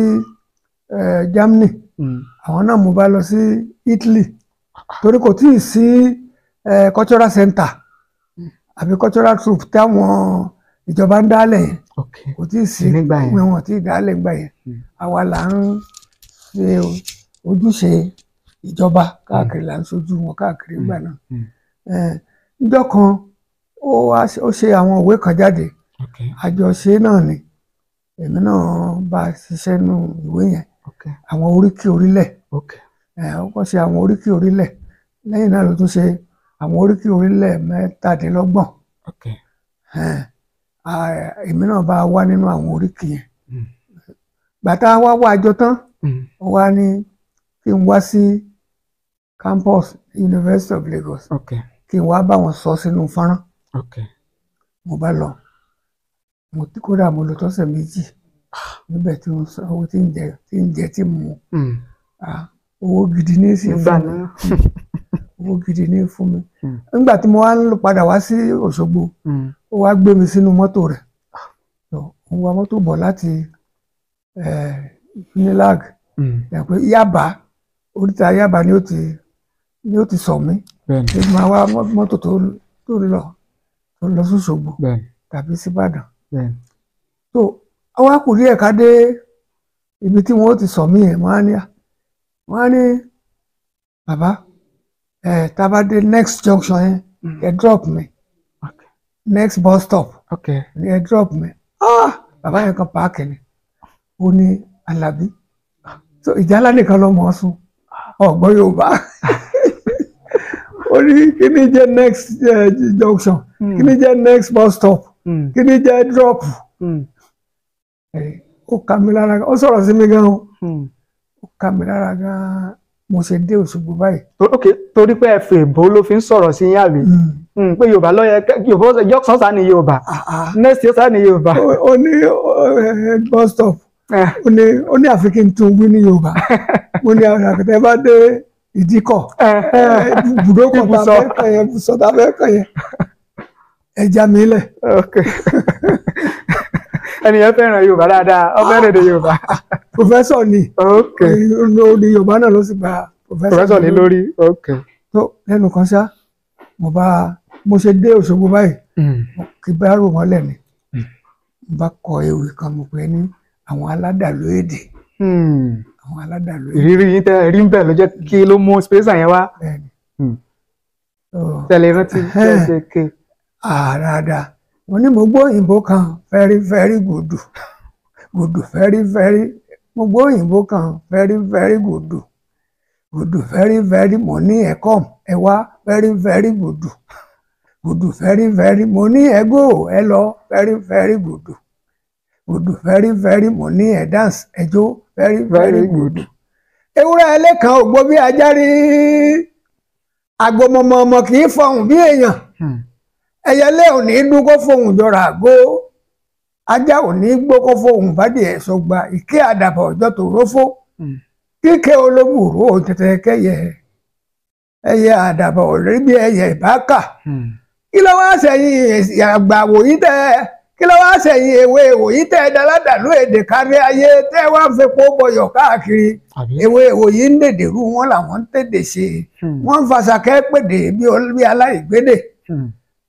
Germany mm. àwọn náà mo bá lọ sí Italy torí kò tí ì sí cultural center àbí cultural troop táwọn ìjọba ń dálẹ̀ yẹn kò tí ì sí wọn tí ì dálẹ̀ gbà yẹn mm. àwa là ń ṣe ojúṣe ìjọba káàkiri là ń ṣojú wọn káàkiri gbà náà níjọ́ kan ó ṣe àwọn òwe kan jáde àjọṣe náà ni èmi náà bá a ṣiṣẹ́ nù ìwé yẹn àwọn oríkì orílẹ̀ ó kọ́ ṣe àwọn oríkì orílẹ̀ lẹ́yìn náà ló tún ṣe àwọn oríkì orílẹ̀ mẹ́tàdínlọ́gbọ̀n èmi náà bá a wá nínú àwọn oríkì yẹn hmm. gbàtà wá wá àjọ tán hmm. ó wá ní kí n wá sí campus University of Lagos kí n wá bá wọn sọ sínú fọ́nrán mo bá lọ mo ti kódà mo lọ tọ́sẹ̀ méjì níbẹ̀ tí wọ́n sọ owó tí ń jẹ tí ń jẹ tí mu hmm. owó gidi ní sí fún mi hmm. owó gidi ní fún mi hmm. nígbà tí mo wá ń padà wá sí Òṣogbo ó wá gbé mi sínú mọ́tò rẹ̀ mo wa mọ́tò bọ̀ láti Unilag ẹ̀pẹ́ Yaba oríta Yaba ni ó ti ni ó ti sọ mí ṣé máa wá mọ́tò tó lọ tó lọ sí Òṣogbo tàbí sí Ìbàdàn so àwa kù díẹ̀ ká dé ibi tí wọ́n ti sọ mí yẹn wọ́n á ní wọ́n á ní bàbá ẹ̀ tá a bá dé next junction yẹn mm. ẹ drop me next bus stop ẹ drop me ah bàbá yẹn kan páàkì ni ó ní alábí so ìjálá nìkan ló mọ̀ ọ́ sùn ọ̀gbọ́n yorùbá [laughs] ó ní kí ni jẹ́ next junction hmm. kí ni jẹ́ next bus stop Hmm. kí ni jẹ́ drop hmm. ó kà mí lára gan ó sọ̀rọ̀ sí mi gan o hmm. ó kà mí lára gan mo ṣe dé Òṣogbo báyìí. ok torí pé ẹ fi èbó ló fi ń sọ̀rọ̀ sí yín àbí pé yorùbá lọ́yẹ yorùbá yọ̀ọ̀sán sá ni yorùbá ah, ah. next year sá ni yorùbá. ó ní bus stop eh. ó ní ó ní àfi kí n tún wí ní yorùbá [laughs] mo ní àwọn àkàtà ẹ bá dé ìdíkọ̀ ibùdókọ̀ tá kàn yẹn ibùsọ̀ tá kàn yẹn [laughs] ẹja mi lẹ. ẹnìyẹn fẹ́ràn yorùbá dáadáa ọbẹ̀ èdè yorùbá. pòfẹ́sọ̀ ni olórí yorùbá náà ló sì gba pòfẹ́sọ̀ ni lórí. tó lẹ́nu kan ṣá mo bá mo ṣe dé Òṣogbo báyìí hmm. kí bá rò wọ́n lẹ̀ ni hmm. mo bá kọ ewì kan mo pè é ní àwọn aládàlú èdè hmm. àwọn aládàlú èdè. ìrírí yín tẹ rí bẹ́ẹ̀ ló jẹ́ kí ló mú spacer yẹn wá. Oh. tẹ̀lé rántí tẹ̀lé ké àràdà ah, mo ní mo gbọ́ òyìnbó kan very very good good very very mo gbọ́ òyìnbó kan very very good good very very mo ní ẹ come ẹ wá very very good good very very mo ní ẹ go ẹ lọ very very good good very very mo ní ẹ dance ẹ jó very very good ewúrẹ́ ẹlẹ́kan ò gbọ́ bí ajá rí agbọmọmọ ọmọ kì í fọhùn bí èèyàn. Hmm. ẹyẹlé ò ní dúkọ́ fóun jọra àgó ajá ò ní gbókọ́ fóun bádìẹ gba ìké àdàbọ̀ ọjọ́ tó rófó hmm. kíkẹ́ olóbùrú ò tètè kẹyẹ ẹyẹ àdàbọ̀ ò bí ẹyẹ ìbáka hmm. kí ló wá àgbà wòyí tẹ kí ló wá sẹ́yìn ewé wòyí tẹ èdè kárí ayé tẹ wá fi kó bọyọ káàkiri ewé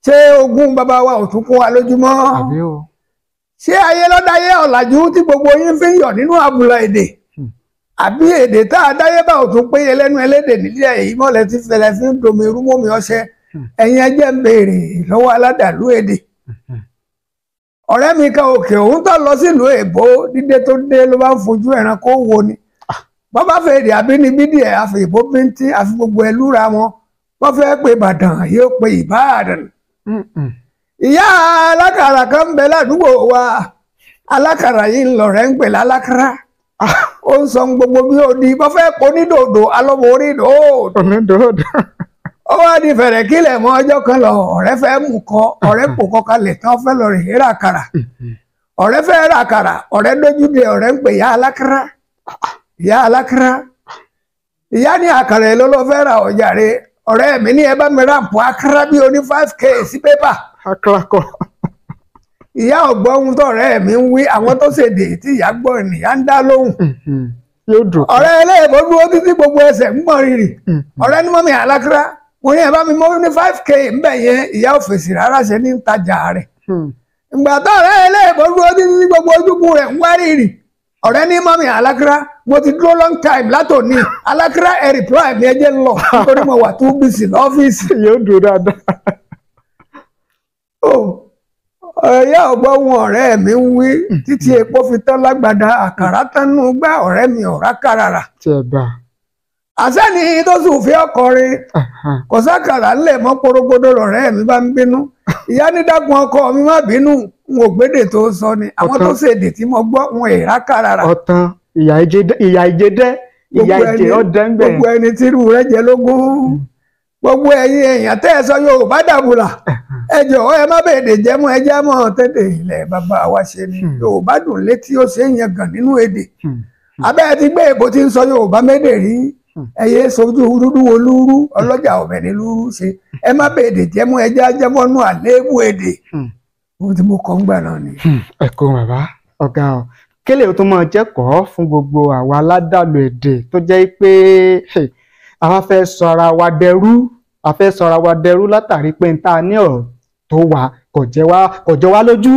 ṣé ogún bàbá wa ò tún kó wa lójúmọ́ ṣé ayé lọ́dáyé ọ̀làjú tí gbogbo yín fi ń yọ̀ nínú àbùlà èdè hmm. àbí èdè tá a dáyé bá ò tún péye lẹ́nu ẹlẹ́dẹ̀ nílẹ̀ èyí mọ́lẹ̀ tí fẹlẹ̀ fi ń domi rúmọ́mi ọṣẹ hmm. ẹ̀yin ẹjẹ́ ń béèrè lọ́wọ́ aládàlú èdè hmm. ọ̀rẹ́ mi kan òkè òun tó lọ sílùú èbó dídé tó dé ló bá ń fojú ẹranko wo ni wọ́n ah. bá fẹ́ èdè àbínibí díẹ̀ àfi ìbò bíntín àfi gbogbo ẹlúra wọn wọ́n fẹ́ pé ìbàdàn yóò pe ìbáàdàn ìyá alákàrà kan ń bẹ ládùúgbò wa alákàrà yìí lọ̀rẹ́ ń pè lálákàrà ah, ó ń sọ gbogbo bí ó di bọ́ fẹ́ kó ní dòdò alọ́mọ orí dòdò. onídòdò. ó wá di fẹ̀rẹ̀ kílẹ̀ mọ́ ọjọ́ kan lọ ọ̀rẹ́ fẹ́ mú kọ ọ̀rẹ́ kò kọ kalẹ̀ tán fẹ́ lọ rè é ràkàrà ọ̀rẹ́ fẹ́ ràkàrà ọ̀rẹ́ dójú de ọ̀rẹ́ ń pè ya alákàrà ya alákàrà ìyá ní àkàrà èlò ra ọjà rẹ̀ ọ̀rẹ́ mi ní ẹ bá mi ráàpù bí oní five k sí pépà. akra kọ. ìyá ọ̀gbọ́n ohun mi ń wí àwọn tó ṣèdè tí ìyá ènìyàn ń dá lóhùn mhm. ọ̀rẹ́ títí gbogbo ẹsẹ̀ ń rírì mhm. ní mọ́mí mo ní k ńbẹ̀ yẹn ìyá rárá ṣe ní rẹ̀. Hmm. ìgbà tó títí gbogbo ojúkú rẹ̀ ń wá rírì ọ̀rẹ́ ní mo ti dúró long time látòní alákírá ẹ reply mi ẹ jẹ́ ń lọ nítorí mo wà tún bísí lọ́fíìsì. [laughs] yóò dúró dáadáa. Oh, ẹyà ọgbọ́ wọn ọ̀rẹ́ mi ń wí títí epo fi tán lágbàdá àkàrà tánú gbá ọ̀rẹ́ mi ọ̀rá kárara. àṣẹ́ni tó sì fi ọkọrin kò sákàrà ńlẹ̀ mọ́ porogodo lọ̀rẹ́ mi bá ń bínú ìyá ní dákun ọkọ mi má bínú n ò gbédè tó sọ ni àwọn tó ṣèdè tí mo gbọ́ wọn èrà kárara ìyà ìjẹdẹ ìyà ìjẹrọ dẹ́ngbẹ̀. gbogbo ẹni tí irú rẹ̀ jẹ lógún gbogbo ẹ̀yin èèyàn tẹ́ ẹ sọ yorùbá dàbùlà ẹ jọ̀ọ́ ẹ má bèèrè jẹ́mú ẹ jẹ́ mọ́ tẹ́tẹ̀ bàbá wa ṣe ni hmm. yorùbá dùn létí ó ṣe yẹn gàn nínú èdè hmm. abẹ́ ti gbé èbó tí ń sọ yorùbá médè rí ẹyẹ hmm. sojú dúdú wo lúrú ọlọ́jà ọ̀bẹ ní lúrú ṣe ẹ má bèèrè jẹ́mú ẹ jẹ́ jẹ́mọ́nú àléébù èdè ohun tí mo kọ́ ń gbà náà ni. ẹ kó bàbá ọ̀gá ọ̀ kélé tó máa jẹ́kọ̀ọ́ fún gbogbo àwa aládàlú èdè tó jẹ́ pé àwa fẹ́ sọ ara wa dẹrú a fẹ́ sọ ara wa dẹrú látàrí pé n ta ní ọ̀rọ̀ tó wà kò jẹ́ wá lójú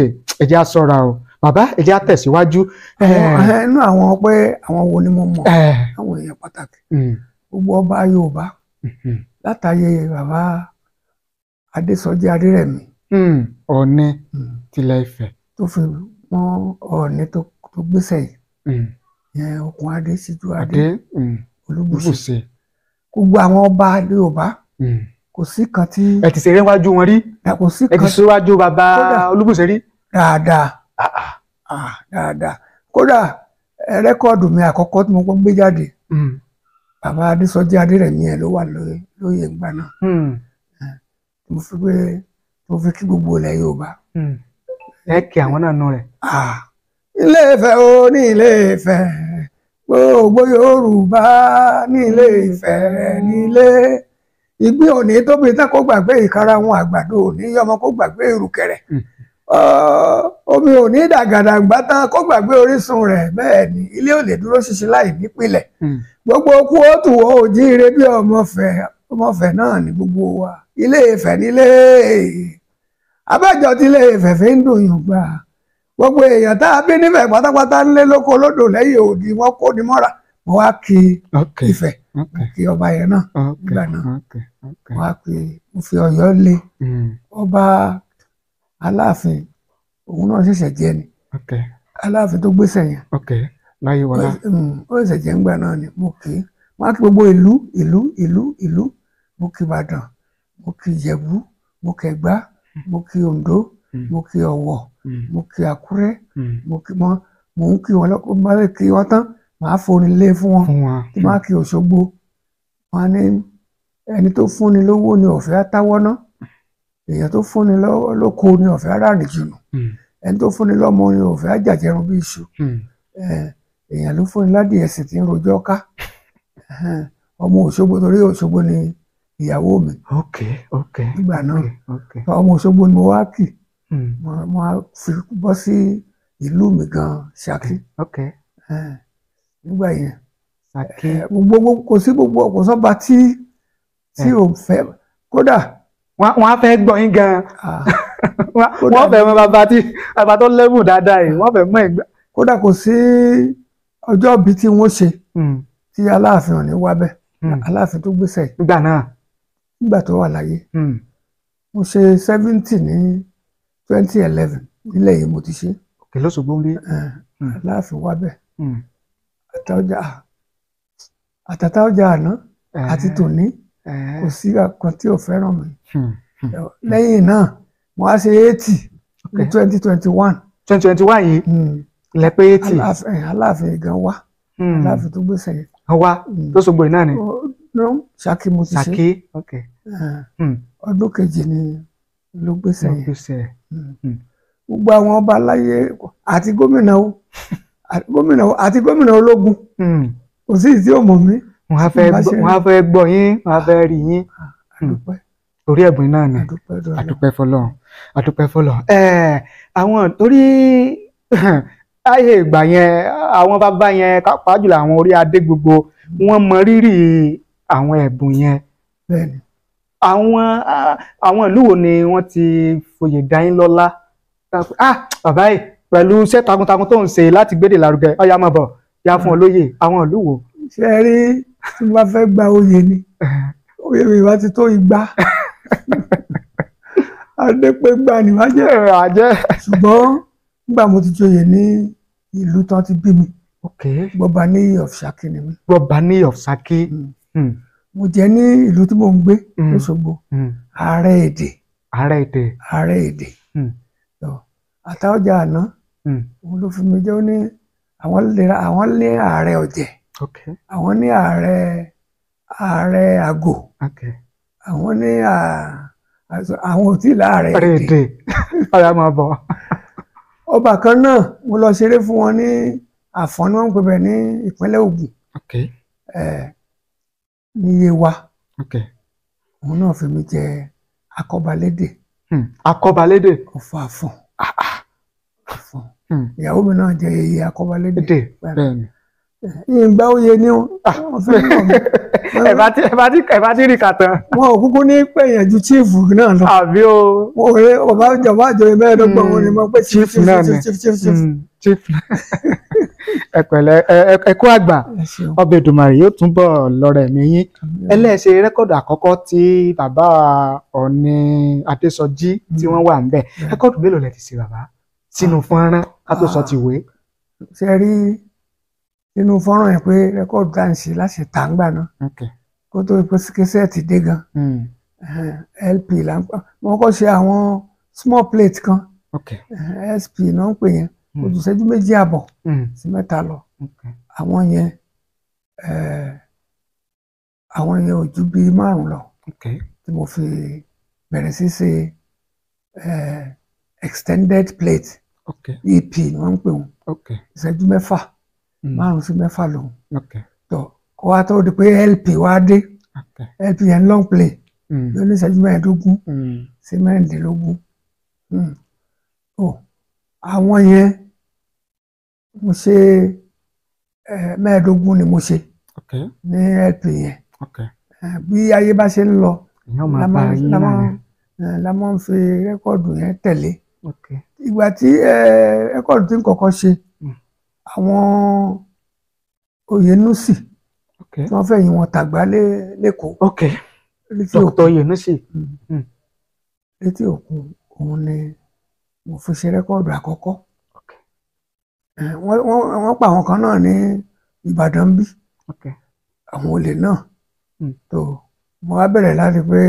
ẹ á ṣọ́ra o bàbá ẹ á tẹ̀síwájú. inú àwọn pé àwọn wo ni mo mọ̀ àwọn èèyàn pàtàkì gbogbo ọba Yorùbá látàyè bàbá Adésọjí Adérẹ̀mí. Ọọ̀ni tilẹ̀ Ifẹ̀. tó fi fún Ọọ̀ni tó gbéṣẹ́ yìí hmm. yẹn okùn adé síjú adé hmm. olúbùṣe gbogbo àwọn ọba Yorùbá hmm. kò sí kan tí. ẹ ti ṣeré wájú wọn rí kò sí kan ẹ ti ṣeré wájú bàbá olúbùṣe rí. dáadáa ah, ah. Ah, dáadáa kódà rẹ́kọ́ọ̀dù mi àkọ́kọ́ tí mo kọ́ gbé jáde bàbá Adésọjí Adérẹ̀mí ẹ̀ ló wà lóyè ìgbà náà eh, mo fi gbé mo fi kí gbogbo ilẹ̀ Yorùbá ẹ kí àwọn náà nù rẹ. ilé Ifẹ̀ o ní ilé Ifẹ̀ gbogbo Yorùbá ní ilé Ifẹ̀ nílé ìgbín òní tóbi tán kó gbàgbé ìkara wọn àgbàdo òní yọmọ kó gbàgbé ìrùkẹ̀rẹ̀ hmm. omi òní dàgàdàgbà tán kó gbàgbé orísun rẹ̀ bẹ́ẹ̀ ni ilé ò lè dúró ṣinṣin láì nípìlẹ̀ hmm. gbogbo kú ó tù ó jíire bí ọmọ Ifẹ̀ ọmọ Ifẹ̀ náà ni gbogbo wa ilé Ifẹ̀ nílé abájọ tí ilé ìfẹ̀fẹ̀ ń dùn yàn gbà gbogbo èèyàn tá a bí nífẹ̀ pátápátá ńlé lóko lódò lẹ́yìn òdì wọn kó ni mọ́ra mo wá kí Ifẹ̀ kí ọba yẹn náà nígbà náà mo wá kí mo fi Ọ̀yọ́ lé mm. ọba Aláàfin òun náà ṣẹ̀ṣẹ̀ jẹ ni Aláàfin tó gbèsè yẹn láyé wọlá ó mm, ṣẹ̀ṣẹ̀ jẹ ńgbà náà ni mo kí wọn kí gbogbo ìlú ìlú ìlú ìlú mo kí Ìbàdàn mo kí Ìjẹ̀bú mo kẹgbàá Mm. mo kí Oǹdó mm. mo kí Ọ̀wọ̀ mm. mo kí Àkúrẹ́ mo kí wọn mò ń kí wọn lọkọ bá lè kí wọn tán màá forin lé fún wọn tí màá kí Òṣogbo wọn ní ẹni tó fúnni lówó ni ọ̀fẹ́ àtàwọ́ náà èèyàn tó fúnni lóko ni ọ̀fẹ́ aráàlú jùlọ ẹni tó fúnni lọ́mọ ni ọ̀fẹ́ àjàjẹrun bí iṣu èèyàn ló fúnni ládìí ẹ̀sìn tí ń rojọ́ ká ọmọ Òṣogbo torí Òṣogbo ni ìyàwó mi. ok ok nígbà náà ọmọ Òṣogbo ni mo wá kì hmm. mo fi bọ́ sí ìlú mi gan Ṣakí nígbà yẹn gbogbo kò sí gbogbo kò sọ́ba tí tí eh. ò fẹ́ kódà. wọ́n á fẹ́ gbọ́ yín gan-an [laughs] wọ́n fẹ́ mọ bàbá tí bàbá tó lẹ́mù dáadáa yìí wọ́n fẹ́ mọ ìgbà. kódà kò sí ọjọ́ bíi tí wọ́n ṣe hmm. tí Aláàfin ò ní wá bẹ́ẹ̀ hmm. Aláàfin tó gbéṣẹ́. ìgbà náà nígbà tó wà láyé hmm. mo ṣe seventy ní twenty eleven nílẹ̀ yìí mo ti ṣe. òkè lọ́sọ̀gbọ́n bí. Hmm. láàfin wá bẹ́ẹ̀ àtàwọ̀jà hmm. àtàtàwọ̀jà àná àti tòní kò sí kan tí ò fẹ́ràn mi. lẹ́yìn náà mo wá ṣe eighty ní twenty twenty one. twenty twenty one yìí lẹ pé eighty. aláàfin gan wa aláàfin tó gbèsè yẹn. wá lọ́sọ̀gbọ́n náà ni ló ń ṣákí mo ti ṣe ṣákí ok eh, hmm. ọdún kejì ni ló gbèsè yẹn hmm. hmm. gbogbo àwọn ọba aláyé àti gómìnà o gómìnà o àti gómìnà ológun kò sí ìdí òmò mi. wọn á fẹ́ gbọ́ yín wọn á fẹ́ rí yín torí ah, ẹ̀bùn náà ni àdúpẹ́ fọlọ́run àdúpẹ́ fọlọ́run ẹ̀ẹ́ eh, àwọn torí ayé [laughs] ìgbà yẹn àwọn bàbá yẹn pàápàá jùlọ àwọn orí adé gbogbo wọn mọ rírì àwọn ẹ̀bùn yẹn àwọn àwọn ìlú wo ni wọ́n ti fòyè dá yín lọ́lá ah bàbá yìí pẹ̀lú iṣẹ́ takuntakun tó ń ṣe láti gbédè lárugẹ ọ̀yá máa bọ̀ ya fún ọ lóye àwọn ìlú wo. ṣe rí tí mo bá fẹ́ gba oyè ni [laughs] oyè mi wá ti tó igba [laughs] adépégbà ni wá [laughs] jẹ́ ṣùgbọ́n nígbà mo ti joyè ní ìlú tán ti bí mi Gbọ̀báníyì of Ṣakí ni mi. Gbọ̀báníyì of Ṣakí. Mm. Hmm. mo jẹ ní ìlú tí mò ń gbé lọ́sọ̀gbọ̀ hmm. hmm. ààrẹ èdè ààrẹ èdè ààrẹ èdè àtàwọ̀jà àná òun ló fi mi jẹ́ ó ní àwọn lera àwọn lé ààrẹ ọ̀jẹ̀ àwọn ní ààrẹ ààrẹ àgò àwọn ní àwọn ò tí ì láàrẹ èdè ọ̀rẹ́ máa bọ̀. ọba kan náà mo lọ ṣeré fún wọn ní àfọ̀n ni wọ́n ń pè bẹ́ẹ̀ ní ìpínlẹ̀ Ògùn níyé wa òun náà fi mí jẹ akọbalédè. Hmm. akọbalédè. ọfọ àfọn ah, ah. àfọn hmm. ìyàwó mi náà jẹ yeye akọbalédè. bẹ́ẹ̀ni. ìgbà oyè ni ah. wọn fi ń mọ mi. ẹ bá ti ẹ bá ti ẹ bá ti rí kàtàn. wọn ò kúkú ní pẹ̀yàn ju chiefu náà lọ. àbí o. wọn ò rí ọba ìjọba àjọyọ̀ mẹ́ẹ̀ẹ́dọ́gbọ̀n wọn ni mo pé chiefu náà ni chief ẹ pẹ̀lẹ́ ẹ kú àgbà ọbẹ̀ dùmàrè yóò túbọ̀ lọ́rọ̀ ẹ̀mí yín ẹlẹ́ẹ̀ṣẹ̀ rẹ́kọ̀dù àkọ́kọ́ tí bàbá ọ̀ni adésọjí tí hmm. wọ́n wà ń bẹ̀ rẹ́kọ̀dù mélòó lẹ ti ṣe bàbá sínú fọ́nrán ká tó sọ ti wé. ṣe rí inú fọ́nrán yẹn pé rẹ́kọ̀dù tá à ń ṣe láṣẹ tàǹgbà náà kó tó ìpèsè ti dé gan hmm. lp là ń pa wọn kọ́ ṣe àwọn small plate kan sp náà ń pè yẹn kò ju ìṣẹ́jú méjì àbọ̀ hmm. sí mẹ́ta lọ àwọn yẹn eh, àwọn yẹn ò bíi márùn lọ tí mo fi bẹ̀rẹ̀ sí ṣe eh, extended plate ep ni wọ́n ń pè wọ́n ìṣẹ́jú mẹ́fà hmm. márùn sí mẹ́fà lòun tó kó wa tó di pé lp wa dé lp yẹn long play lóní hmm. ìṣẹ́jú mẹ́ẹ̀ẹ́dógún sí mẹ́rìndínlógún àwọn yẹn mo ṣe mẹ́ẹ̀ẹ́dógún ni mo ṣe ní ẹ̀pì yẹn bí ayé bá ṣe ń lọ la máa ń fi rẹ́kọ̀dù yẹn tẹ̀lé ìgbà tí rẹ́kọ̀dù tí ń kọ́kọ́ ṣe hmm. àwọn Oyènúsì tí wọ́n fẹ̀yìn wọn tàgbà lẹ́kọ̀ọ́ Dr. Oyènúsì hmm. hmm. létí òkun òun ni mo fi ṣe rẹ́kọ̀dù àkọ́kọ́. Eh, wọ́n wọ́n wọ́n pa àwọn kan náà ní Ìbàdàn bí àwọn olè náà tó hmm. mo wá bẹ̀rẹ̀ láti pé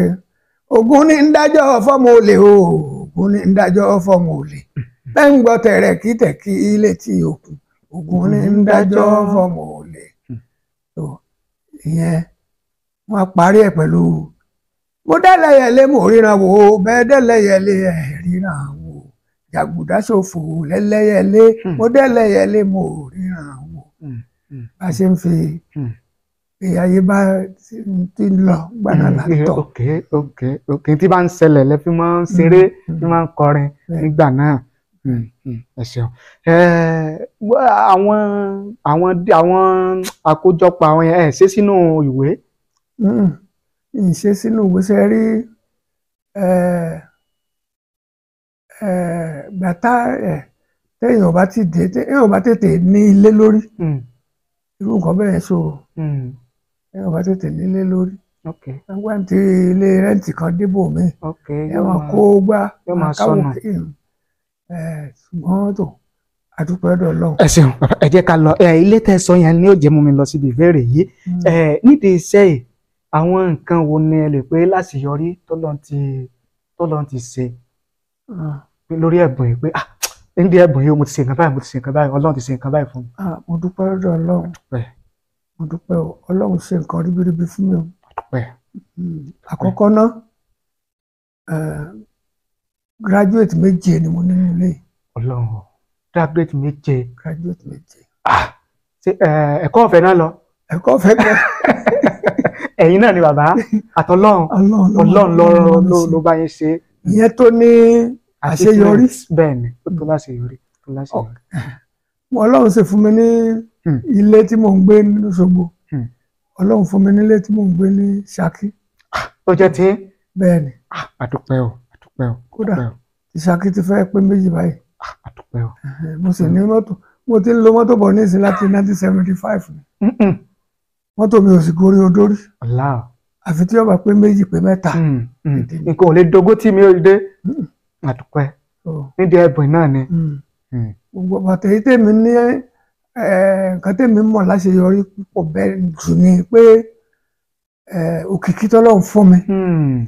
Ogun ní ń dájọ́ fọ́mọ olè o Ogun ní ń dájọ́ fọ́mọ olè hmm. bẹ́ẹ̀ ń gbọ́ tẹ̀rẹ̀ kí tẹ̀kí ilé tí òkun Ògún ní ń dájọ́ fọ́mọ olè tó hmm. ìyẹn wọ́n parí ẹ̀ pẹ̀lú mo dẹ́lẹ̀yẹ̀lé mo ríran wò ó bẹ́ẹ̀ dẹ́lẹ̀yẹ̀lé ẹ̀ ríran wò jàgùdà ṣòfò lẹ́lẹ́yẹlé hmm. mo dẹ́lẹ́yẹlé mo ò ríran wò hmm. hmm. bá ṣe ń fi èyí ayé bá ti ń lọ gbàdá látọ̀. ok ok ok tí bá ń ṣẹlẹ̀ lẹ fi máa ń ṣeré fi máa ń kọrin nígbà náà ẹ ṣeun àwọn àwọn àwọn àkójọpọ̀ àwọn ẹ ṣe sínú ìwé. ìṣe sínú ìwé ṣe rí. Eh, bàtà téèyàn bá ti dé téèyàn bá tètè ní ilé lórí hmm. irú nǹkan bẹ́ẹ̀ so hmm. téèyàn bá tètè ní ilé lórí nígbà tí ilé rẹ́ǹtì kan débò mi ẹ̀wọ̀n kó gbá àkáwọ̀ ṣùgbọ́n tó àdúpẹ́ ọ̀dọ̀ ọlọ́run. ẹ ṣeun ẹ jẹ́ ká lọ ilé tẹ́ sọ yẹn ni ó jẹ́ mú mi lọ síbi ìbéèrè yìí hmm. nídìí iṣẹ́ yìí àwọn nǹkan wo ni ẹ lè pé láṣeyọrí tọ́lọ́n ti ṣe Ah. lórí ẹ̀bùn yìí pé ah ndí ẹ̀bùn yìí mo ti ṣe nǹkan báyìí mo ti ṣe nǹkan báyìí ọlọ́run ti ṣe nǹkan báyìí fún mi. Ah, mo dúpẹ́ lọ́dọ̀ ọlọ́run mo dúpẹ́ o ọlọ́run ṣe nǹkan ríbiríbi fún mi o. Hmm. àkọ́kọ́ ná eh, graduate méje ni mo ní nílé. ọlọ́run graduate méje. graduate méje. Ah, ṣe eh, ẹ̀kọ́ ọ̀fẹ́ náà lọ. ẹ̀kọ́ ọ̀fẹ́ náà. [laughs] ẹ̀yin náà ni bàbá àtọlọ́run ọlọ́run ló ló bá yín ṣe é ìyẹn tó ní àṣeyọrí. bẹ́ẹ̀ni ó tó láṣeyọrí tó láṣeyọrí. ọlọ́run ṣe fún mi ní hmm. ilé tí mò ń gbé lóṣogbo hmm. ọlọ́run fún mi nílé tí mò ń gbé ní Ṣakí. Ah, ó jẹ́ ah, tí. bẹ́ẹ̀ni. àdúpẹ́ o àdúpẹ́ o. kódà ti ti fẹ́ pé méjì báyìí. àdúpẹ́ ah, o. Eh, mo sì ní hmm. mọ́tò mo ti ń lo mọ́tò bọ̀ ní ìsìn láti nineteen seventy five. mọ́tò mi ò sì gorí odórí. ọ̀la o àfi tí ọba pé méjì pé mẹ́ta. Hmm, hmm. nǹkan ò lè dogún tí mi ò dé àdúpẹ́ hmm. oh. nídìí ẹ̀bùn náà ni. gbogbo bàtà yìí tèmi ní nǹkan tèmi mọ̀ láṣeyọrí púpọ̀ bẹ́ẹ̀ jù ni pé òkìkí tọ́lọ́run fún mi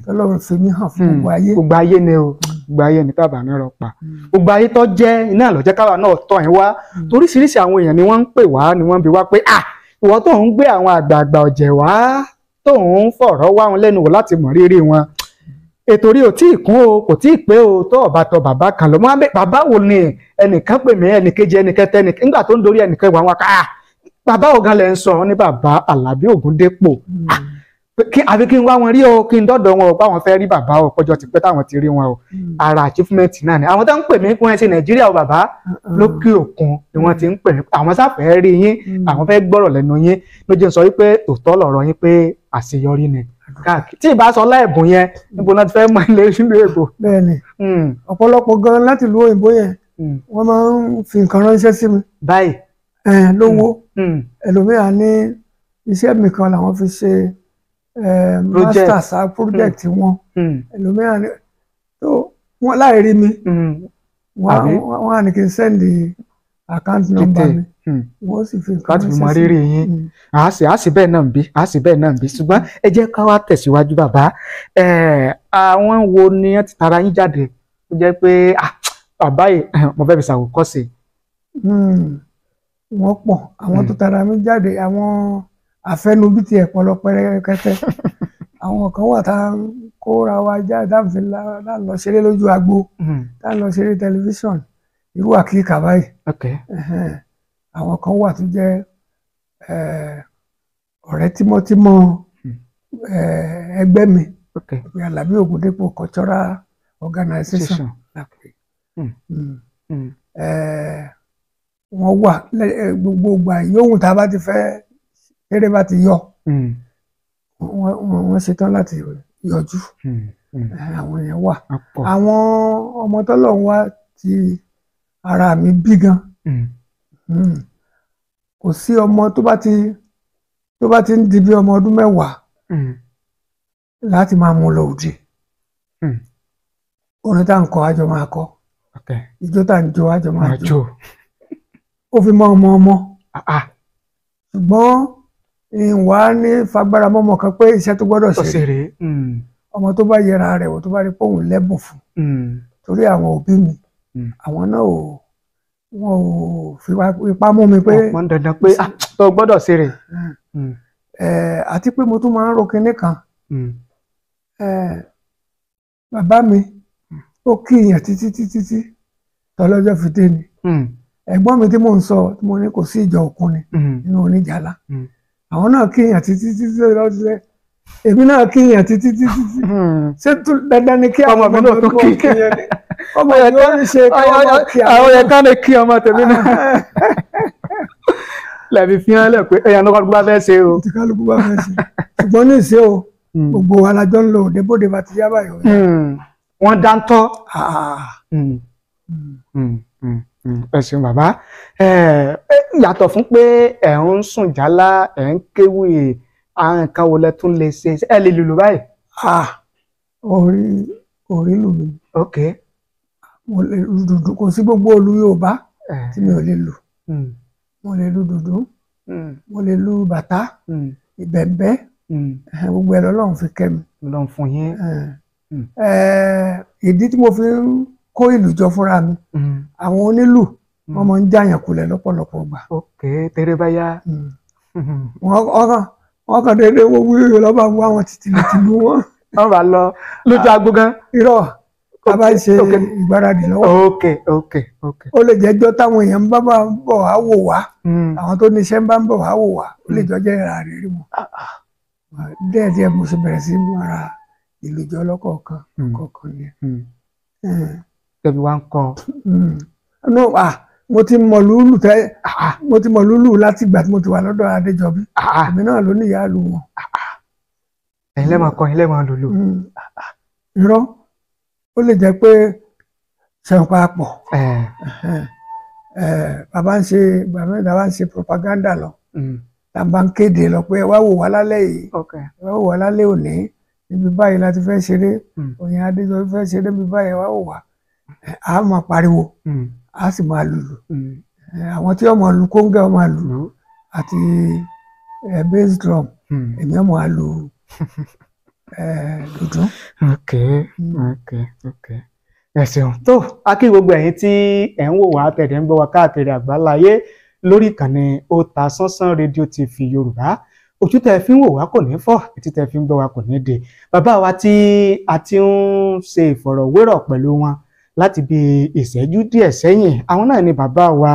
tọ́lọ́run fi mí hàn fún gbogbo ayé. gbogbo ayé ni o gbogbo ayé ni tábà ní rọpa gbogbo ayé tó jẹ́ iná àlọ́jẹ́ káwa náà tọ̀ ẹ̀ wá toríṣiríṣi àwọn èèyàn ni wọ́n ń pè wá ni wọ́n ń bi wá pé ah ìwọ tó ń gbé àwọn àgbààgbà ọ̀jẹ̀ wá tóun ń fọ̀rọ̀ wá wọn lẹ́nu wò láti mọ̀ rírì wọn ètò rí o tí ì kún o kò tí ì pé o tó ọba tọ bàbá kan lọ bàbá wo ni ẹnìkan pè mí ẹnìkejì ẹnìkẹtẹ ẹnìkan nígbà tó ń dorí ẹnìkan wà wọn ká ah, bàbá ọ̀gá lẹ̀ ń sọ wọn ní bàbá Àlàbí Ògúndépò hmm. ah, àbí kí n wá wọn rí o kí n dọ́dọ̀ wọn o bá wọn fẹ́ rí bàbá o pọ́jọ́ ti pẹ́ táwọn ti rí wọn o hmm. ara achievement náà ni àwọn tó ń pè mí wọn ṣe Nàìjíríà o bàbá uh-uh. lókè òkun ni wọ́n ti ń pè mí àwọn sáfẹ́ rí yín hmm. àwọn fẹ́ gbọ́rọ̀ lẹ́nu yín ló jẹ́ sọ wípé tòótọ́ lọ̀rọ̀ yín pé àṣeyọrí ni káàkiri tí ìbá sọ láìbùn yẹn níbo náà ti fẹ́ mọ ilé nílùú èkó. bẹ́ẹ̀ni hmm. ọ̀pọ̀lọpọ̀ gan láti lu òyìnbó yẹn hmm. wọ́n máa ń fi nǹkan ránṣẹ́ sí mi. báyìí. ẹ lówó hmm. ẹlòmíràn ní iṣẹ́ mi kan làwọn fi ṣe masters a project wọn ẹlòmíràn tó wọn láì rí mi wọ́n á ní kí n sẹ́ndì àkáǹtì nọ́mbà mi hmm. wọ́n sì fi nǹkan láti fi mọ rírì yín à hmm. á sì à á sì bẹ́ẹ̀ náà ń bí à á sì bẹ́ẹ̀ náà ń bí ṣùgbọ́n ẹ jẹ́ ká wá tẹ̀síwájú bàbá àwọn wo ni wọ́n ti tara yín jáde tó jẹ́ pé bàbá yìí mo fẹ́ fi ṣàwòkọ́ sí hmm. i. wọ́n pọ̀ àwọn tó tara mi jáde àwọn àfẹnubí tiẹ̀ pọ̀lọpọ̀ rẹ̀kẹ̀tẹ̀ [laughs] àwọn kan wà tá a kóra wa jáde tá a fi lọ ṣeré lójú agbo tá lọ ṣeré tẹlifíṣàn irú àkíkà báyìí àwọn kan wà tó jẹ́ eh, ọ̀rẹ́ tímọ́tímọ́ eh, ẹgbẹ́ mi ìpè Àlàbí Ògúndépò cultural organization lápè hmm. Hmm. Hmm. Eh, wọ́n wà gbogbo ìgbà yóòhùn tá a bá ti fẹ́ eré bá ti yọ wọ́n ṣetán láti yọjú àwọn yẹn wà àwọn ọmọ tọ́lọ̀ ń ti ara mi bí gan hmm. Hmm. kò sí ọmọ tó bá ti tó bá ti ń di bí ọmọ ọdún mẹ́wàá hmm. láti máa mú lọ òde orin tá à ń kọ àjọ máa kọ ijó tá à ń jó àjọ máa jó ó fi mọ ọmọ ọmọ ah, ah. ṣùgbọ́n ìwà ní fagbára mọ́mọ́ kan pé iṣẹ́ tó gbọ́dọ̀ ṣe ọmọ tó bá yẹra rẹ̀ wò tó bá rí pòun lẹ́bùn fún torí àwọn òbí mi. Hmm. àwọn náà ò wọn ò fi ipá mú mi pé. ọ̀pọ̀ dandan pé hmm. ah, tó o gbọ́dọ̀ ṣe rè. Hmm. àti pé mo tún máa ń ro kinní kan bàbá mi ó kí èèyàn títí títí tí tọ́lọ́jọ́ fi dé ni ẹ̀gbọ́n mi tí mò ń sọ tí mo ní kò sí ìjọ òkun ni nínú oníjàlá àwọn náà kí èèyàn títí títí lọ́sẹ̀ èmi náà kí èèyàn títí títí ṣé dandan ni kí àwọn ọmọ mi náà tó kí èèyàn ni. [laughs] ọmọ yẹn kan ní ṣe àwọn yẹn kan ní kí ọmọ tèmi náà [laughs] lẹ́bi fi hàn lẹ̀ pé ẹ̀yàn náà kọ́kọ́ bá fẹ́ ṣe o. ti ṣùgbọ́n ní ìṣe o hmm. gbogbo alájọ ń lo òdebóde bá ti yá báyọ̀. Hmm. wọ́n dáńtọ́. Ah, ah, ah. hmm. ẹ ṣeun bàbá yàtọ̀ fún pé ẹ̀ ń sùn jálá ẹ̀ ń kéwì àwọn nǹkan wo lẹ tún lè ṣe ẹ lè lùlù báyìí. orí orí lù mí. okay mo lè lu dùndún kò sí gbogbo olú Yorùbá eh. tí mi ò lè lù hmm. mo lè lu dùndún hmm. mo lè lu bàtà hmm. ìbẹ̀m̀bẹ́ eh, gbogbo ẹ̀ lọ́lọ́run fi kẹ́ mi. lọ́n fún yín. Eh. ìdí tí mo fi ń kó ìlú jọ fúnra mi àwọn onílù wọn máa ń jàyàn kulẹ̀ lọ́pọ̀lọpọ̀ gbà. ok tẹrẹ bá yá. ọkàn ọkàn déédéé wíwí lọ́ba wo àwọn títí lè ti lu wọn. wọ́n bá lọ lójú agbo gan. irọ́ a bá ṣe ìgbáradì lọ́wọ́ ok ok ok ó lè jẹ́jọ́ táwọn èèyàn bá bá ń bọ̀ wá wò wá hmm. àwọn tó ní iṣẹ́ bá ń bọ̀ wá wò wá ó lè hmm. jọ jẹ́ ìrà rírí mu ah, ah. díẹ̀ díẹ̀ mo sì bẹ̀rẹ̀ sí mọ́ra ìlú jọ lọ́kọ̀ọ̀kan hmm. kọ̀ọ̀kan ni. tẹbi wá ń kọ. ah mo ti mọ lulu. tẹ mo ti mọ lúlù láti ìgbà tí mo ti wà lọ́dọ̀ Adéjọbí èmi náà ló ní ìyá lu wọn. ẹ̀yin lẹ́ẹ̀ máa kọ ẹ̀yin lẹ́ẹ̀ máa lòlò. irọ́ ó lè jẹ́ pé ṣàǹpapọ̀ bàbá ń ṣe bàbá ń ṣe propaganda lọ mm. tá a bá ń kéde lọ pé wá wò wá lálẹ́ yìí wá wò wá lálẹ́ òní níbi báyìí láti fẹ́ ṣeré òyìn mm. adéjọ́ fẹ́ ṣeré níbi báyìí wá wò wá a máa pariwo mm. a sì máa lùlù àwọn tí ọmọ lu kóńgẹ́ ọmọ lù àti bass drum èmi ọmọ àlù [laughs] dúdú. ok ok ok ẹ ṣeun tó a kí gbogbo ẹ̀yin tí ẹ ń wò wá tẹ̀lé ń gbọ́ wá káàkiri àgbáláyé lórí ìkànnì Ọ̀tà Sánsán rédíò TV Yorùbá ojú tẹ fi ń wò wá kò ní fọ́ etí tẹ fi ń gbọ́ wá kò ní dé bàbá wa tí a ti ń ṣe ìfọ̀rọ̀wérọ̀ pẹ̀lú wọn láti bí ìṣẹ́jú díẹ̀ sẹ́yìn àwọn náà ni bàbá wa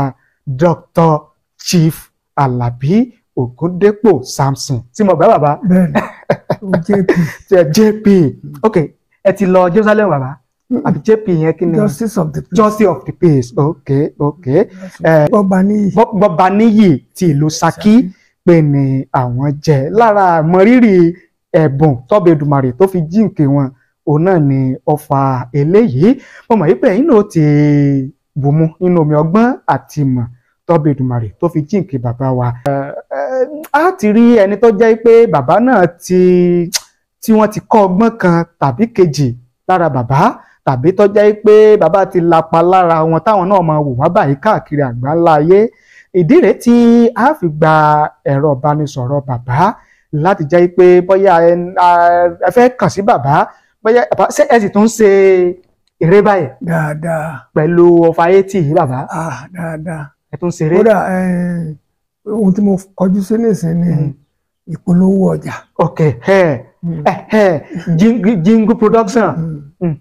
Dr. Chief Alabi Ògúndépò Samson tí mo gbà bàbá. bẹ́ẹ̀ni [laughs] JP. JP ok ẹ ti lọ Jerusalem bàbá àbí JP yẹn kí ni justice of the peace justice of the peace ok ok. Bọ́baníyì Bọ́baníyì ti ìlú Ṣakí pé ni àwọn jẹ lára àmọrírì ẹ̀bùn tọ́bẹ̀dùmarè tó fi jíǹkì wọn òun náà ni ọfà eléyìí mo mọ̀ yí pé ẹ̀yin ti bùnmu nínú omi ọgbọ́n àti ìmọ̀ tọ́bí ìdùmarè tó fi jíǹkì bàbá wa. a ti rí ẹni tó jẹ́ pé bàbá náà ti tí wọ́n ti kọ́ ọgbọ́n kan tàbí kejì lára bàbá tàbí tó jẹ́ pé bàbá ti lapa lára wọn táwọn náà máa wò wá báyìí káàkiri àgbáńlá ayé ìdí rèé tí a fi gba ẹ̀rọ ìbánisọ̀rọ̀ bàbá láti jẹ́ pé bóyá ẹ fẹ́ kàn sí bàbá bóyá ṣé ẹ sì tún ṣe eré báyìí. dáadáa pẹ̀lú ọfà etí bàbá. ah dáadáa ẹ tún ṣeré. kódà ohun tí mo kọjú sí nìsín ni hmm. ìpolówó ọjà. ok hmm. jingle production. Hmm.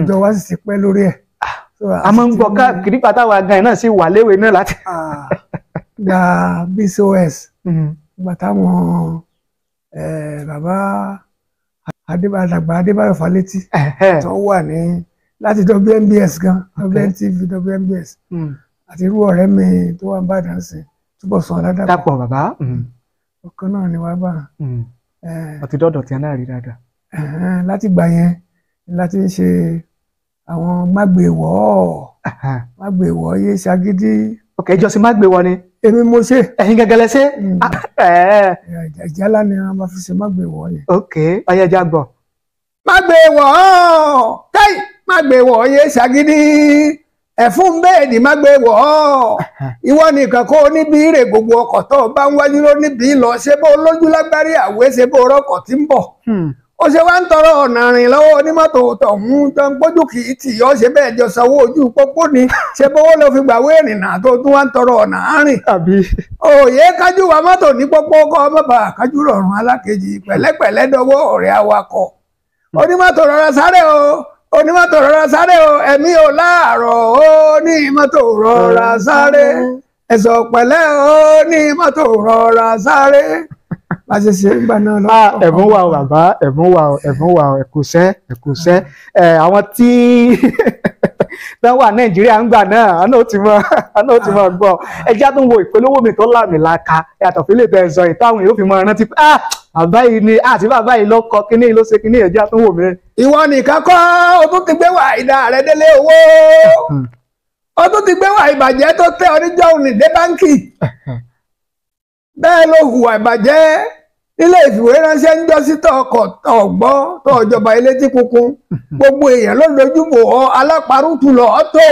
ọjọ́ wa sì ti pẹ́ lórí ẹ̀. Ah, a máa ń gbọ́ káàkiri pátáwa gan-an náà sì wà léwe náà láti. Ah, gba bcos gba táwọn bàbá adébàdàgbà adébáyọ̀ Fálétí tó wà ní láti WNBS gan WNTV WNBS. Mm àti irú ọ̀rẹ́ mi tó wà ń bàdàn sí túbọ̀ sọ ọ̀làdàpọ̀. dàpọ̀ bàbá. Mm. ọkàn náà ni wàá bà. Mm. ọtí dọ́dọ̀ tí a náà rí dáadáa. láti gbà yẹn láti ṣe àwọn mágbèwọ̀ mágbèwọ̀ yé ṣagídí. ok ìjọ sí mágbèwọ̀ ni. èmi mo ṣe. ẹ̀yin gẹ́gẹ́lẹ́ ṣe. Mm. Ah, ìjálá ni a máa fi ṣe mágbèwọ̀ yẹn. ok ọyẹjà gbọ́. mágbèwọ̀ káì mágbèwọ̀ yé ṣagídí ẹ̀fún bẹ́ẹ̀ ni má gbé wọ̀ ọ́ ìwọ nìkan kó o níbi ìrè gbogbo ọkọ̀ tó o bá ń wájú ló níbi lọ ṣe bó o lójú lágbárí àwé ṣe bó o rọ́kọ̀ tí ń bọ̀ ó hmm. ṣe wá ń tọrọ ọ̀nà rìn lọ́wọ́ onímọ́tò tọ̀hún tó ń gbójú kì í tì yọ́ ṣe bẹ́ẹ̀ jọ sanwó ojú pópó ni ṣe bówó ló fi gbàwé ìrìnà tó tún wá ń tọrọ ọ̀nà àárín. òye kájú wa mọ́tò ní pópó kọ́ ọmọ bàá kájú rọrùn alákejì pẹ̀lẹ́pẹ̀lẹ́ dọwọ́ ọ̀rẹ́ awakọ̀ hmm. onímọ́tò rọra sáré o onímọ́tò rọra sáré o ẹ̀mí o láàárọ̀ ó ní mọ́tò rọra sáré ẹ̀sọ̀ pẹ̀lẹ́ ó ní mọ́tò rọra sáré bá ṣe ṣe nígbà náà lọ. Ah, ẹ̀bùn wà ó bàbá ẹ̀bùn wà ó ẹ̀bùn wà ó ẹ̀kúṣẹ́ ẹ̀kúṣẹ́ àwọn tí [laughs] tán wà nàìjíríà ń gbà náà àná ó ti mọ [laughs] àná ó ti mọ ah. gbọ́ ẹjá tó ń wo ìpolówó mi tó láàmìlaka yàtọ̀ fi lè bẹ̀rẹ̀ sọ ìtàwọn yóò fi mọ rántí pé ah bàbá yìí ni ah, àti bàbá yìí ló kọ kíní ló ṣe kíní ẹjá tó ń wò mí. ìwọ nìkan kọ́ o tún ti gbé wà ìdá rẹ délé owó [laughs] o tún ti gbé wà ìbàjẹ́ tó tẹ oníjọ́ òní dé báńkì bẹ́ẹ̀ ló hùwà ìbàjẹ́ nílé ìfìwé ránṣẹ́ ń jọ sítọ̀ ọkọ̀ ọ̀gbọ́ tó ọ̀jọba ilé tí kunkun gbogbo èèyàn ló dojúbò ọ alápárùtù lọ ọtọ.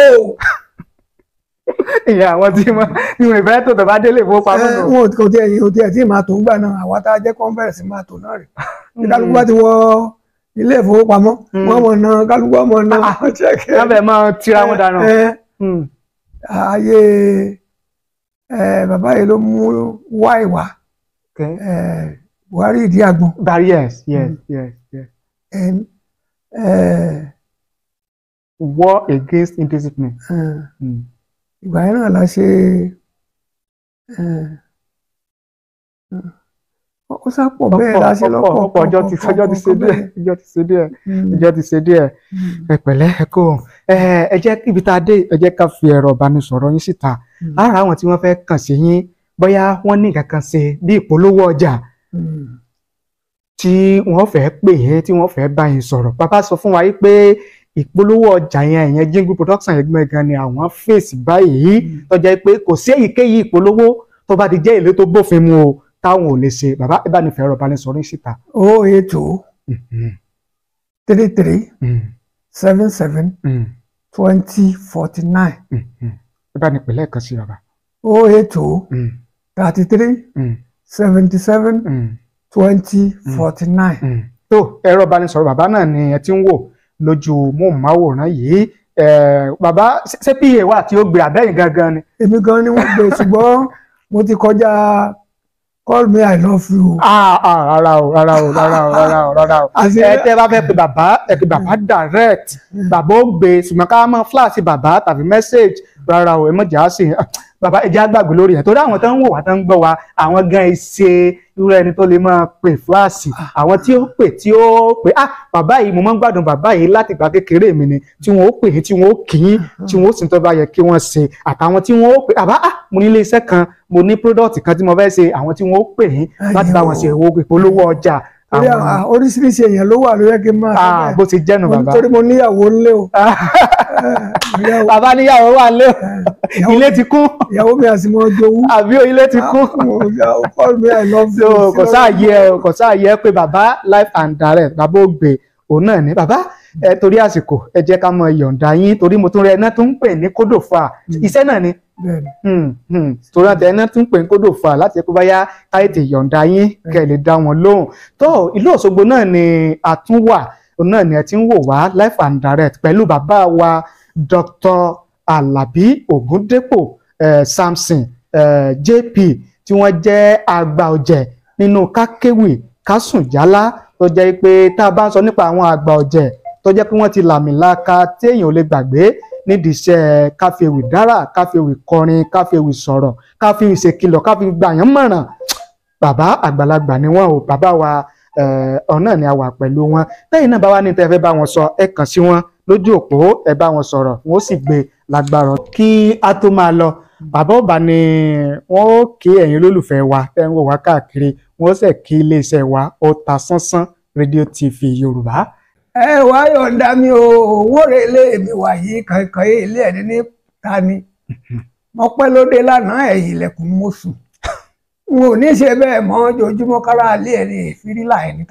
ìyá àwọn tí wọn ni wọn ìfẹ́ tó tọ́ba délé ìfowópamọ́ náà. wọn kò tiẹ̀ kò tiẹ̀ tí màá tó ń gbà náà àwa tá a jẹ́ kọ́ńfẹ́rẹ́sì máa tó náà rè kálukú bá ti wọ ilé ìfowópamọ́ hmm. wọn mọ̀ náà kálukú ọmọ náà. wọn bẹ̀ máa tira hmm. ayé. Eh, bàbá yìí ló mú wá ìwà eh, Buhari ìdí àgbọn. yes yes mm. yes eh, war against indiscipline. ìgbà ṣe ti ṣe ti ṣe díẹ̀ ọjọ́ ti ṣe díẹ̀ mm. mm. ẹ pẹ̀lẹ́ yín síta. Hmm. ara àwọn tí wọ́n fẹ́ kàn sí yín bóyá wọ́n ní nǹkan kan ṣe bí ìpolówó ọjà hmm. tí wọ́n fẹ́ pè é tí wọ́n fẹ́ bá yín sọ̀rọ̀ bàbá sọ fún wa yìí pé ìpolówó ọjà yẹn ìyẹn jingle production yẹn gbọ̀ngàn ni àwọn fèsì báyìí hmm. tó jẹ́ pé kò sí èyíkéyìí ìpolówó tó bá ti jẹ́ ìlú tó bófin mu o táwọn ò lè ṣe bàbá ẹ bá ní fẹ́ràn ní síta. o oh ètò oh three three seven seven twenty forty nine ẹ bá sí bàbá. o oh eight o oh mm. thirty three mm. seventy seven mm. twenty forty nine. tó ẹ̀rọ ìbánisọ̀rọ̀ bàbá náà ni ẹ ti ń wò lójú móhùnmáwòrán yìí bàbá ṣé pa wà tí ó gbé abẹ́yìn gangan ni. èmi gan ni wọ́n gbé ṣùgbọ́n mo ti kọjá call me i love you. Ah, ah, rárá o rárá o rárá o rárá o rárá o ẹ tẹ bá fẹ́ pè bàbá ẹ pè bàbá direct bàbá ó gbé ṣùgbọ́n ká máa flash bàbá tàbí message rárá o ẹ mọ̀ jà bàbá ẹjẹ́ àgbàgbé lórí ẹ̀ torí àwọn tó ń wò wá tó ń gbọ́ wa àwọn gan ìṣe irú ẹni tó lè máa pè fúláàsì ah. àwọn tí ó pè tí ó pè ah bàbá yìí mo máa ń gbádùn bàbá yìí láti ìgbà kékeré mi ni tí wọn ó pè é tí wọn ó kì í ah. tí wọn ó sì ń tó yẹ kí wọ́n ṣe àtàwọn tí wọn ó pè àbá ah mo ní ilé iṣẹ́ kan mo ní product kan tí mo fẹ́ ṣe àwọn tí wọn ó pè é láti bá wọn ṣe ìwò ìpolówó ọjà oríṣiríṣi èèyàn ló wà ló yẹ kí n máa fẹ́ ah, bó ti jẹ́nu bàbá nítorí mo níyàwó ńlé o [laughs] ah, bàbá níyàwó wà ńlé o eh, ilé ti kún ìyàwó mi àti mo jowú àbí ilé ti ah, kún kò sáàyè kò sáàyè pé bàbá life and direct bàbá ó gbé òun náà ní bàbá ẹ torí àsìkò ẹ jẹ́ ká mọ ìyọ̀ǹda yín torí mo tún rẹ iná tó ń pè ní kódò fa hmm. iṣẹ́ náà ni Hmm, hmm. torí àti ẹni tún pè ń kódò fà láti ẹkú báyá káyọ̀tì yọ̀ǹda yín kẹ́ ẹ lè dá wọn lóhùn tó ìlú Òṣogbo náà ni a tún wà náà ni ẹ ti ń wò wá life and direct pẹ̀lú bàbá wa Dr. Alabi Ogundepo eh, Samson JP tí wọ́n jẹ́ àgbà ọ̀jẹ̀ nínú kákéwì kásùnjálá tó jẹ́ pé tá a bá ń sọ nípa àwọn àgbà ọ̀jẹ̀ tó jẹ́ pé wọ́n ti làmìlaka téèyàn ò lè gbàgbé nídìí iṣẹ́ káfíwì dára káfíwì kọrin káfíwì sọ̀rọ̀ káfíwì ṣèkìlọ̀ káfíwì gbàyàn mọ̀ràn bàbá àgbàlagbà ni wọn ò bàbá wa ọ̀nà ni a wà pẹ̀lú wọn lẹ́yìn náà bá wà ní tẹ́ fẹ́ bá wọn sọ ẹ kàn sí wọn lójú òpó ẹ bá wọn sọ̀rọ̀ wọn ó sì gbé lágbára kí a tó máa lọ bàbá ọba ni wọn ó kí ẹ̀yin olólùfẹ́ wa tẹ́ ń wò wá káàkiri wọn ó sì kí iléeṣẹ́ wa ó ta sánsán rédíò tv yorùbá ẹ wá yọ̀ǹda mi o owó rẹ̀ ilé mi wà yìí kankan ilé ẹ̀ ní ta ni [laughs] mo pẹ́ lóde lánàá ẹ̀yìn ilẹ̀kùn mo n ò ní ṣe bẹ́ẹ̀ mọ́ ojoojúmọ́ kára ẹ̀ ní ní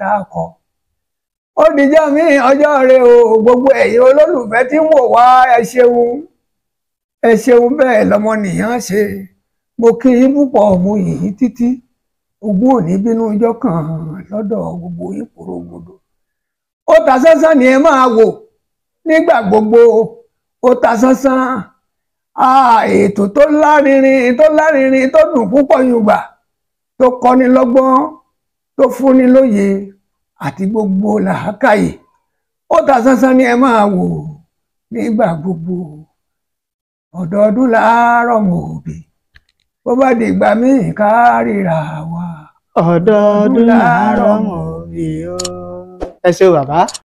ó dìjọ́ mi ọjọ́ rẹ o gbogbo ẹ̀yin olólùfẹ́ tí ń wò wá ẹ ṣeun ẹ ṣeun bẹ́ẹ̀ lọmọnìyàn ṣe mo kí yín púpọ̀ mo yìn yín títí kan lọ́dọ̀ gbogbo ó ta sánsán ni ẹ máa wò nígbà gbogbo ó ta sánsán ètò tó lárinrin tó lárinrin tó dùn púpọ̀ yùgbà tó kọ́ni lọ́gbọ́n tó fúnni lóye àti gbogbo làákàyè ó ta sánsán ni ẹ máa wò nígbà gbogbo ọ̀dọọdún láàárọ̀ mọ̀ òbí bó bá di ìgbà míì ká ríra wa ọ̀dọọdún láàárọ̀ mọ̀ òbí o. tay sư bảo bá